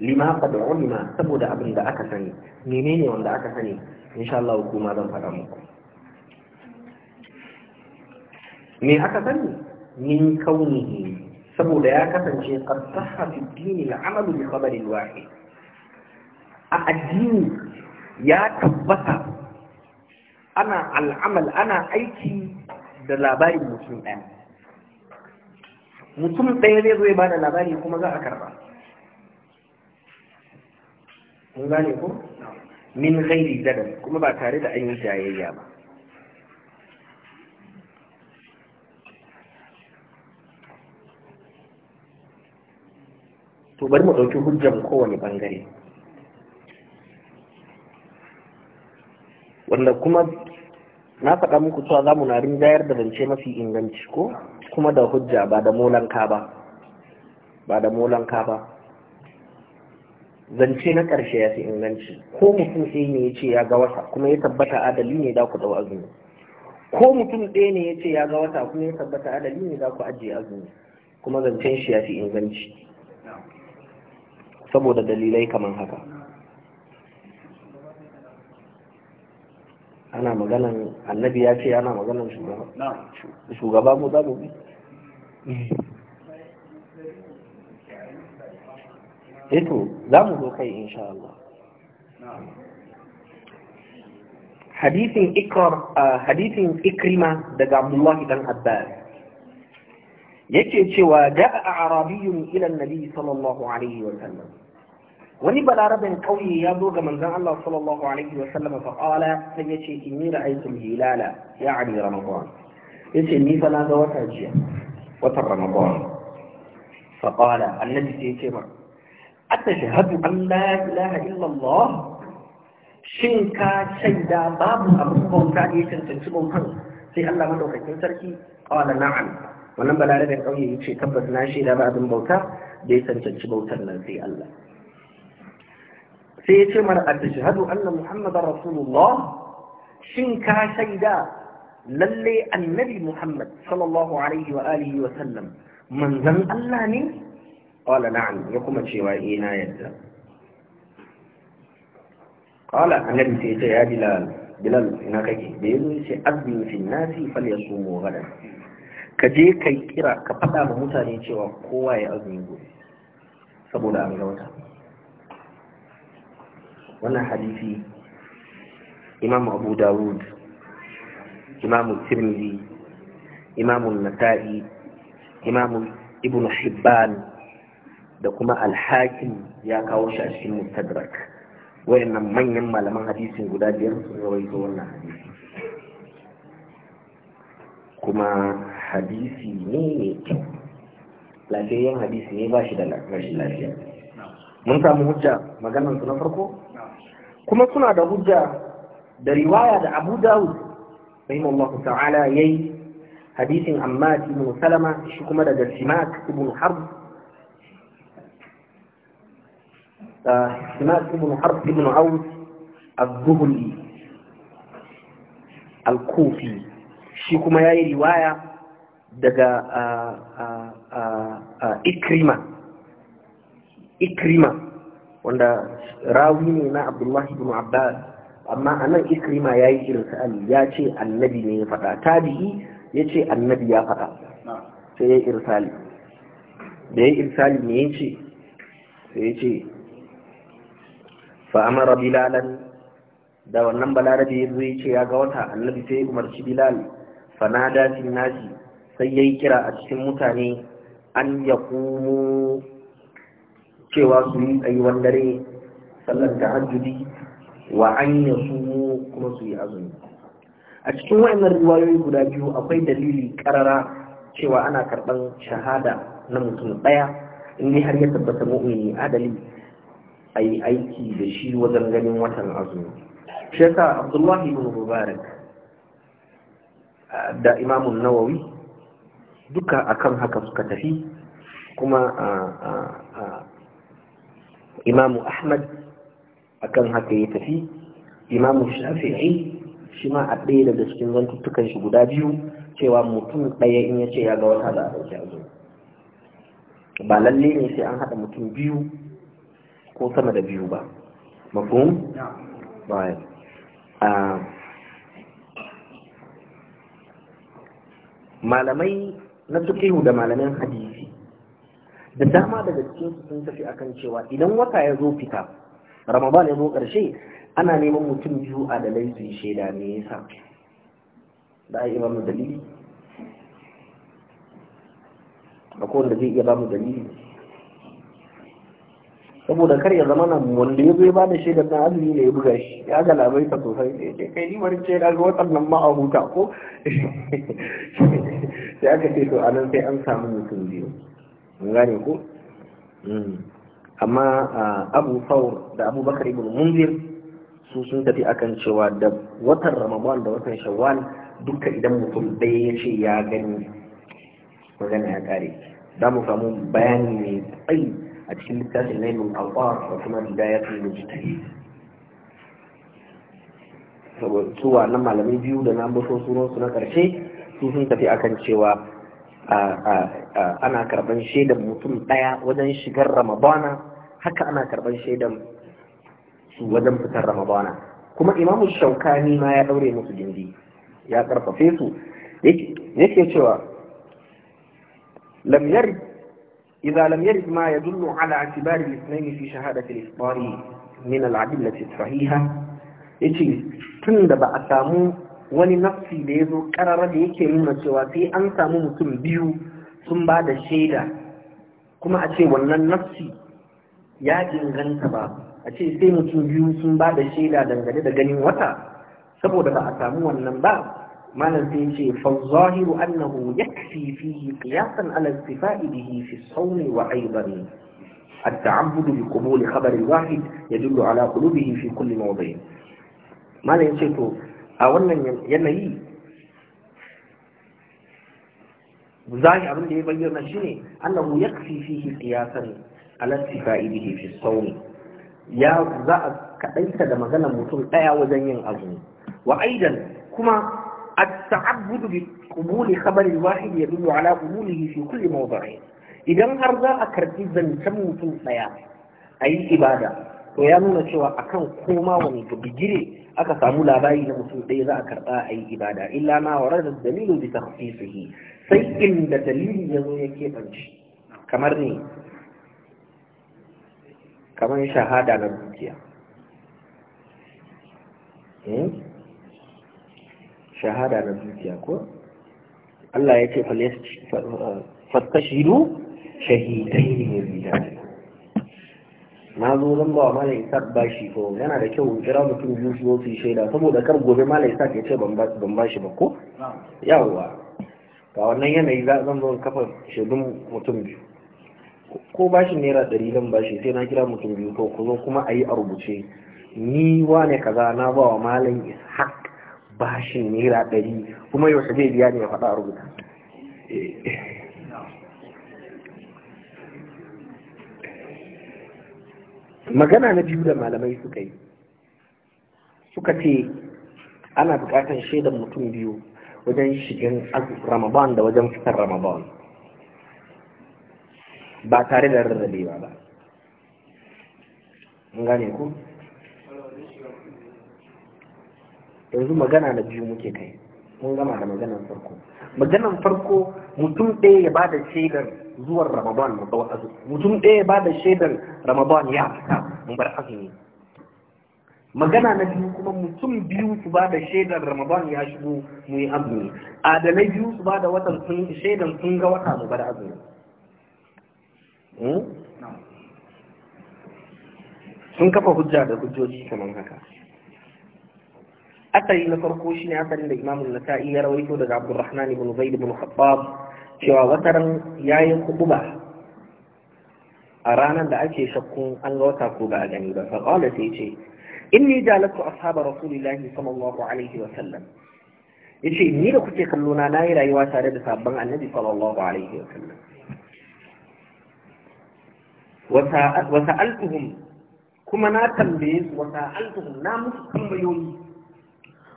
lima kada ulima saboda abin da aka sani menene wanda aka sani insha Allah kuma zan faɗa muku me aka sani min kaunihi saboda ya kasance qasaha fi dini al-amal bi khabar wahid a addini ya tabbata ana al'amal ana aiki da labarin mutum ɗaya mutum ɗaya zai zo ya bada labari kuma za a karba kun gane ko min ghairi zadan. kuma ba tare da an yi jayayya ba to bari mu ɗauki hujjan kowane bangare wanda kuma na faɗa muku cewa za mu na rinjayar da zance mafi inganci ko kuma da hujja ba da molanka ba ba da molanka ba zance na ƙarshe ya fi inganci ko mutum sai ne ya ce ya ga wata kuma ya tabbata adali ne da ku ɗau azumi ko mutum ɗaya ne ya ce ya ga wata kuma ya tabbata adali ne za ku ajiye azumi kuma zancen shi ya fi inganci saboda dalilai kamar haka ana maganan annabi ya ce ana maganan shugaba shugaba mu za mu bi eh. إتو زامو دوكي إن شاء الله حديث إكرم حديث إكرمة دقى عبد الله بن عباس يكيش وجاء أعرابي إلى النبي صلى الله عليه وسلم وني بلا رب قوي يا دوغ من زان الله صلى الله عليه وسلم فقال سيكي إني رأيت الهلال يعني رمضان يكي إني فلا دوات أجيا وتر رمضان فقال النبي سيكي أتشهد أن لا إله إلا الله شنكا شيدا باب أبوكم كاري شنكا شبوم هن سي الله من روحي تنسركي قال نعم ولم بلا لدي قوي يكشي تبت ناشي دا بعد مبوكا دي شنكا شبوم هن سي الله سي شمر أتشهد أن محمد رسول الله شنكا شيدا للي النبي محمد صلى الله عليه وآله وسلم من ذن الله نيه qala na'am ya kuma cewa eh na yadda qala annabi sai ce ya bilal bilal ina kake da yazo yace abdi fi nasi falyasumu gadan ka je kai kira ka faɗa ma mutane cewa kowa ya azumi gobe saboda an ga wata wannan hadisi imam abu dawud imam tirmidhi imam nasa'i imam ibn hibban da kuma alhakin ya kawo shi a cikin mustadrak wayannan manyan malaman hadisin guda biyar sun rawaito wannan hadisi kuma hadisi ne mai kyau lafiyayyen hadisi ne ba shi da rashin lafiya mun samu hujja maganar su na farko kuma suna da hujja da riwaya da abu dawud rahimallahu ta'ala yayi hadisin amma ibn salama shi kuma daga simak ibn harb شماس بن حرب بن عوف الظهري الكوفي shi kuma ya yi riwaya daga ikrima ikrima wanda rawi ne na abdullahi bin abbas amma a nan ikrima ya yi irin sa'ali ya ce annabi ne ya faɗa tabi'i ya ce annabi ya faɗa sai ya yi irsali da ya yi irsali ne ya ce fa'amara bilalan da wannan balarabe ya zo ya ce ya ga wata annabi sai umarci bilal fanada fil nasi sai yayi kira a cikin mutane an yaqumu cewa su yi tsayuwar dare sallar tahajjudi wa an yasumu kuma su yi azumi a cikin wayannan riwayoyi guda biyu akwai dalili karara cewa ana karban shahada na mutum ɗaya, in har ya tabbata mu'mini adali a yi aiki da shi wajen ganin watan azumi shi abdullahi bin mubarak da imamun nawawi duka akan haka suka tafi kuma imamu ahmad akan haka ya tafi imamu shafi'i shi ma a ɗaya daga cikin zantuttukan shi guda biyu cewa mutum ɗaya in ya ce ya ga wata da a ɗauki azumi ba lalle ne sai an haɗa mutum biyu ko sama da biyu ba mafhum right ah. malamai na fiqh da malamin hadisi da dama daga cikin su sun tafi akan cewa idan wata ya zo fita ramadan ya zo karshe ana neman mutum biyu a da su yi shaida ya sa. da a ba mu dalili akwai wanda zai iya ba mu dalili saboda kar ya zama nan wanda ya zo ya bada shaidar na azumi ne ya buga shi ya ga labai ta sosai ne ce kai ni wani ce na ga waɗannan ma a huta ko sai aka ce to anan sai an samu mutum biyu mun gane ko hmm. amma abu faur da abubakar ibn munzir su sun tafi akan cewa da watan ramadan da watan shawwal duka idan mutum ɗaya ya ce ya gani magana ya kare za mu samu bayani mai tsayi a cikin littafin laimin alfar da kuma bidayatul mujtahid su wannan malamai biyu da na mutu sunansu su na karshe su sun tafi akan cewa ana karban shaidan mutum daya wajen shigar ramadana haka ana karban shaidan su wajen fitar ramadana kuma imamu shaukani ma ya daure musu gindi ya karfafe su yake cewa lam إذا لم يرد ما يدل على اعتبار الاثنين في شهادة الإفطار من العدلة الصحيحة يجي تندب أسامو wani nafsi da ya zo ƙararra da yake nuna cewa sai an samu mutum biyu sun ba shaida kuma a ce wannan nafsi ya inganta ba a ce sai mutum biyu sun ba da shaida dangane da ganin wata saboda ba a samu wannan ba malam sai ce fa zahiru annahu yakfi fihi qiyasan ala istifai bihi fi sawm wa aidan التعبد بقبول خبر واحد يدل على قلوبه في كل موضع ما لا يشيطه أولا ينهي zahir abin da ya bayyana shi ne annahu yakfi fihi qiyasan ala istifaihi fi sawm ya za a kadaita da maganar mutum ɗaya wajen yin abu. wa aidan kuma التعبد بقبول خبر الواحد يدل على قبوله في كل موضع idan har za a karɓi zancen mutum tsaya a yi ibada to ya nuna cewa akan koma wani bigire aka samu labari na mutum ɗaya za a karɓa a yi ibada illa ma warar da dalilu bi takhsisihi sai inda dalili yazo zo ya keɓance kamar ne shahada na dukiya shahada na zuciya ko Allah ya ce fattashidu shahidai ne ya zida na zo zan ba wa mala isaac ba shi ko yana da kyau kira mutum biyu su su yi shaida saboda kar gobe mala isaac ya ce ban ba shi ba ko yawwa ga wannan yanayi za zan zo kafa shaidun mutum biyu ko ba shi naira ɗari zan ba shi sai na kira mutum biyu ko ku zo kuma a yi a rubuce ni wane kaza na ba wa malam haka bashin naira ɗari kuma yaushe zai biya ne ya faɗa a rubuta magana na biyu da malamai suka yi suka ce ana buƙatar shaidan mutum biyu wajen shigin ramadan da wajen fitar ramadan ba tare da rarrabewa ba gane ku yanzu magana na biyu muke kai mun gama da maganar farko maganan farko mutum ɗaya ya ba da shaidar zuwan ramadan mu kawo azumi mutum ɗaya ya ba da shaidar ramadan ya fita mu bar azumi magana na biyu kuma mutum biyu su ba da shaidar ramadan ya shigo mu yi azumi adalai biyu su ba da watan sun shaidan sun ga wata mu bar azumi hmm? sun kafa hujja da hujjoji kamar haka asali na farko shi ne asalin da na nasa'i ya rawaito daga abdurrahman ibn zaid ibn khattab cewa wata wataran yayin kutuba a ranar da ake shakkun an ga wata ko ba a gani ba fa qala sai ce da jalatu ashaba rasulillahi sallallahu alaihi wa sallam yace ni da kuke kallo na yi rayuwa tare da sabon annabi sallallahu alaihi wa sallam Wata sa'altuhum kuma na tambaye su wa sa'altuhum na musu tambayoyi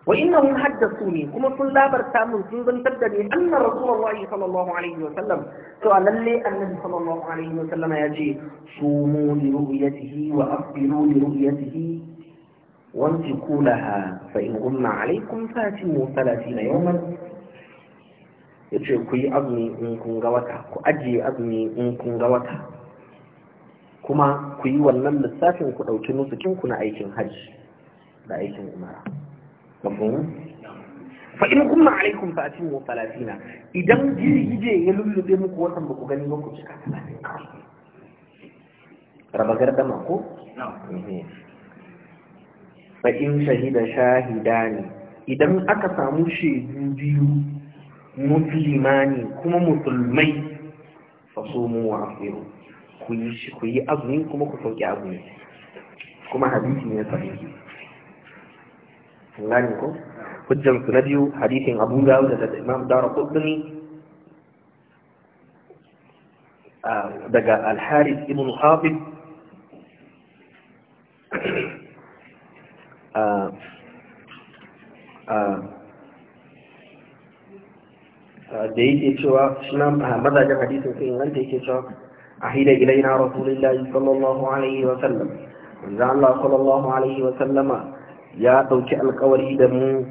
wa innahum ne kuma sun labarta samun sun zantar da ni anna rasulullahi sallallahu alaihi wa sallam to lalle annabi sallallahu alaihi wa sallam ya ce sumu li ru'yatihi wa afdilu li ru'yatihi وامسكوا لها فإن غم عليكم فاتموا ثلاثين يوما yace ku yi azumi in kun ga wata ku ajiye azumi in kun ga wata kuma kuyi wannan lissafin ku ɗauki nusukin ku na aikin hajji da aikin umara mafhumu fa in kunna alaikum fa atimu 30 idan girgije ya lullube muku watan ba ku gani ba ku cika 30 raba gardama ko eh. fa in shahida shahidani idan aka samu shaidu biyu musulmani kuma musulmai fa sumu wa afiru ku yi azumi kuma ku sauke azumi kuma hadisi ne sahihi an gane ko hujjan su na biyu hadisin abu dawud da imam dara qutni daga al-harith ibn hafid da yake cewa shi na mazajen hadisin sun inganta yake cewa a hida ilaina rasulullahi sallallahu alaihi wa sallam manzo Allah sallallahu alaihi wa sallama ya ɗauki alkawari da mu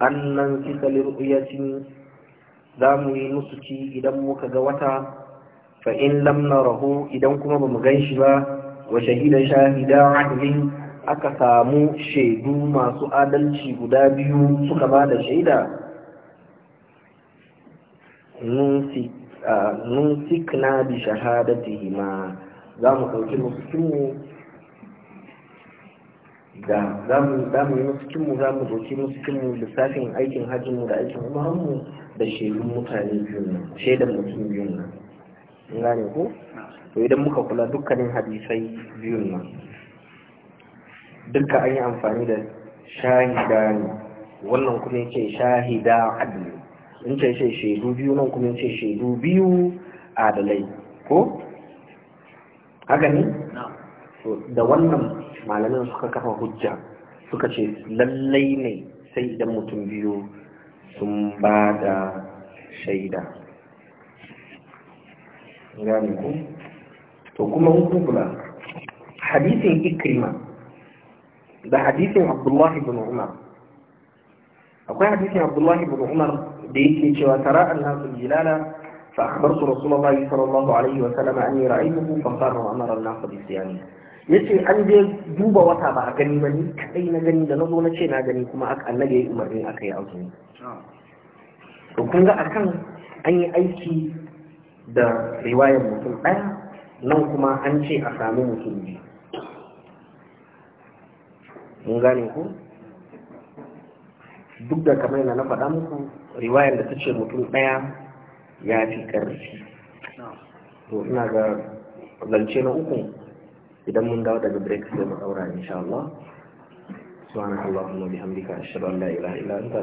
annan sisali ru'yatin za mu yi musu ci idan muka ga wata fa in lam narahu idan kuma bamu gan shi ba wa shahida shahida adlin aka samu shaidu masu adalci guda biyu suka ba da shaida nun sikna bi shahadatihima za mu ɗauki musu da za mu yi masu kinmu za mu zoki masu kinmu lissafin aikin hajjinmu da aikin umarmu da shaidun mutane biyu nan shaidan mutum biyu nan in gane ko to idan muka kula dukkanin hadisai biyu nan dukkan an yi amfani da shahida ne wannan kuma yake shahida adli in ce ce shaidu biyu nan kuma ce shaidu biyu adalai ko haka ne da wannan malamin suka kafa hujja suka ce lallai ne sai idan mutum biyu sun ba da shaida gani ku to kuma hukukula hadisin ikrima da hadisin abdullahi bin umar akwai hadisin abdullahi bin umar da yake cewa tara annasu jilala fa akhbartu rasulullahi sallallahu alaihi wa sallam anni ra'aytuhu fa qala amara an-nas bi siyamihi ya ce an je duba wata ba a gani ba ni kadai na gani da na zo na ce na gani kuma aka annabi ya yi umarni aka yi azumi to kun ga akan an yi aiki da riwayar mutum ɗaya nan kuma an ce a sami mutum biyu mun gane ku duk da kamar yana na faɗa muku riwayar da ta ce mutum ɗaya ya fi ƙarfi to ina ga zance na uku Kita mundur dan break sama orang insyaallah subhanallahi wa bihamdika asyhadu an la ilaha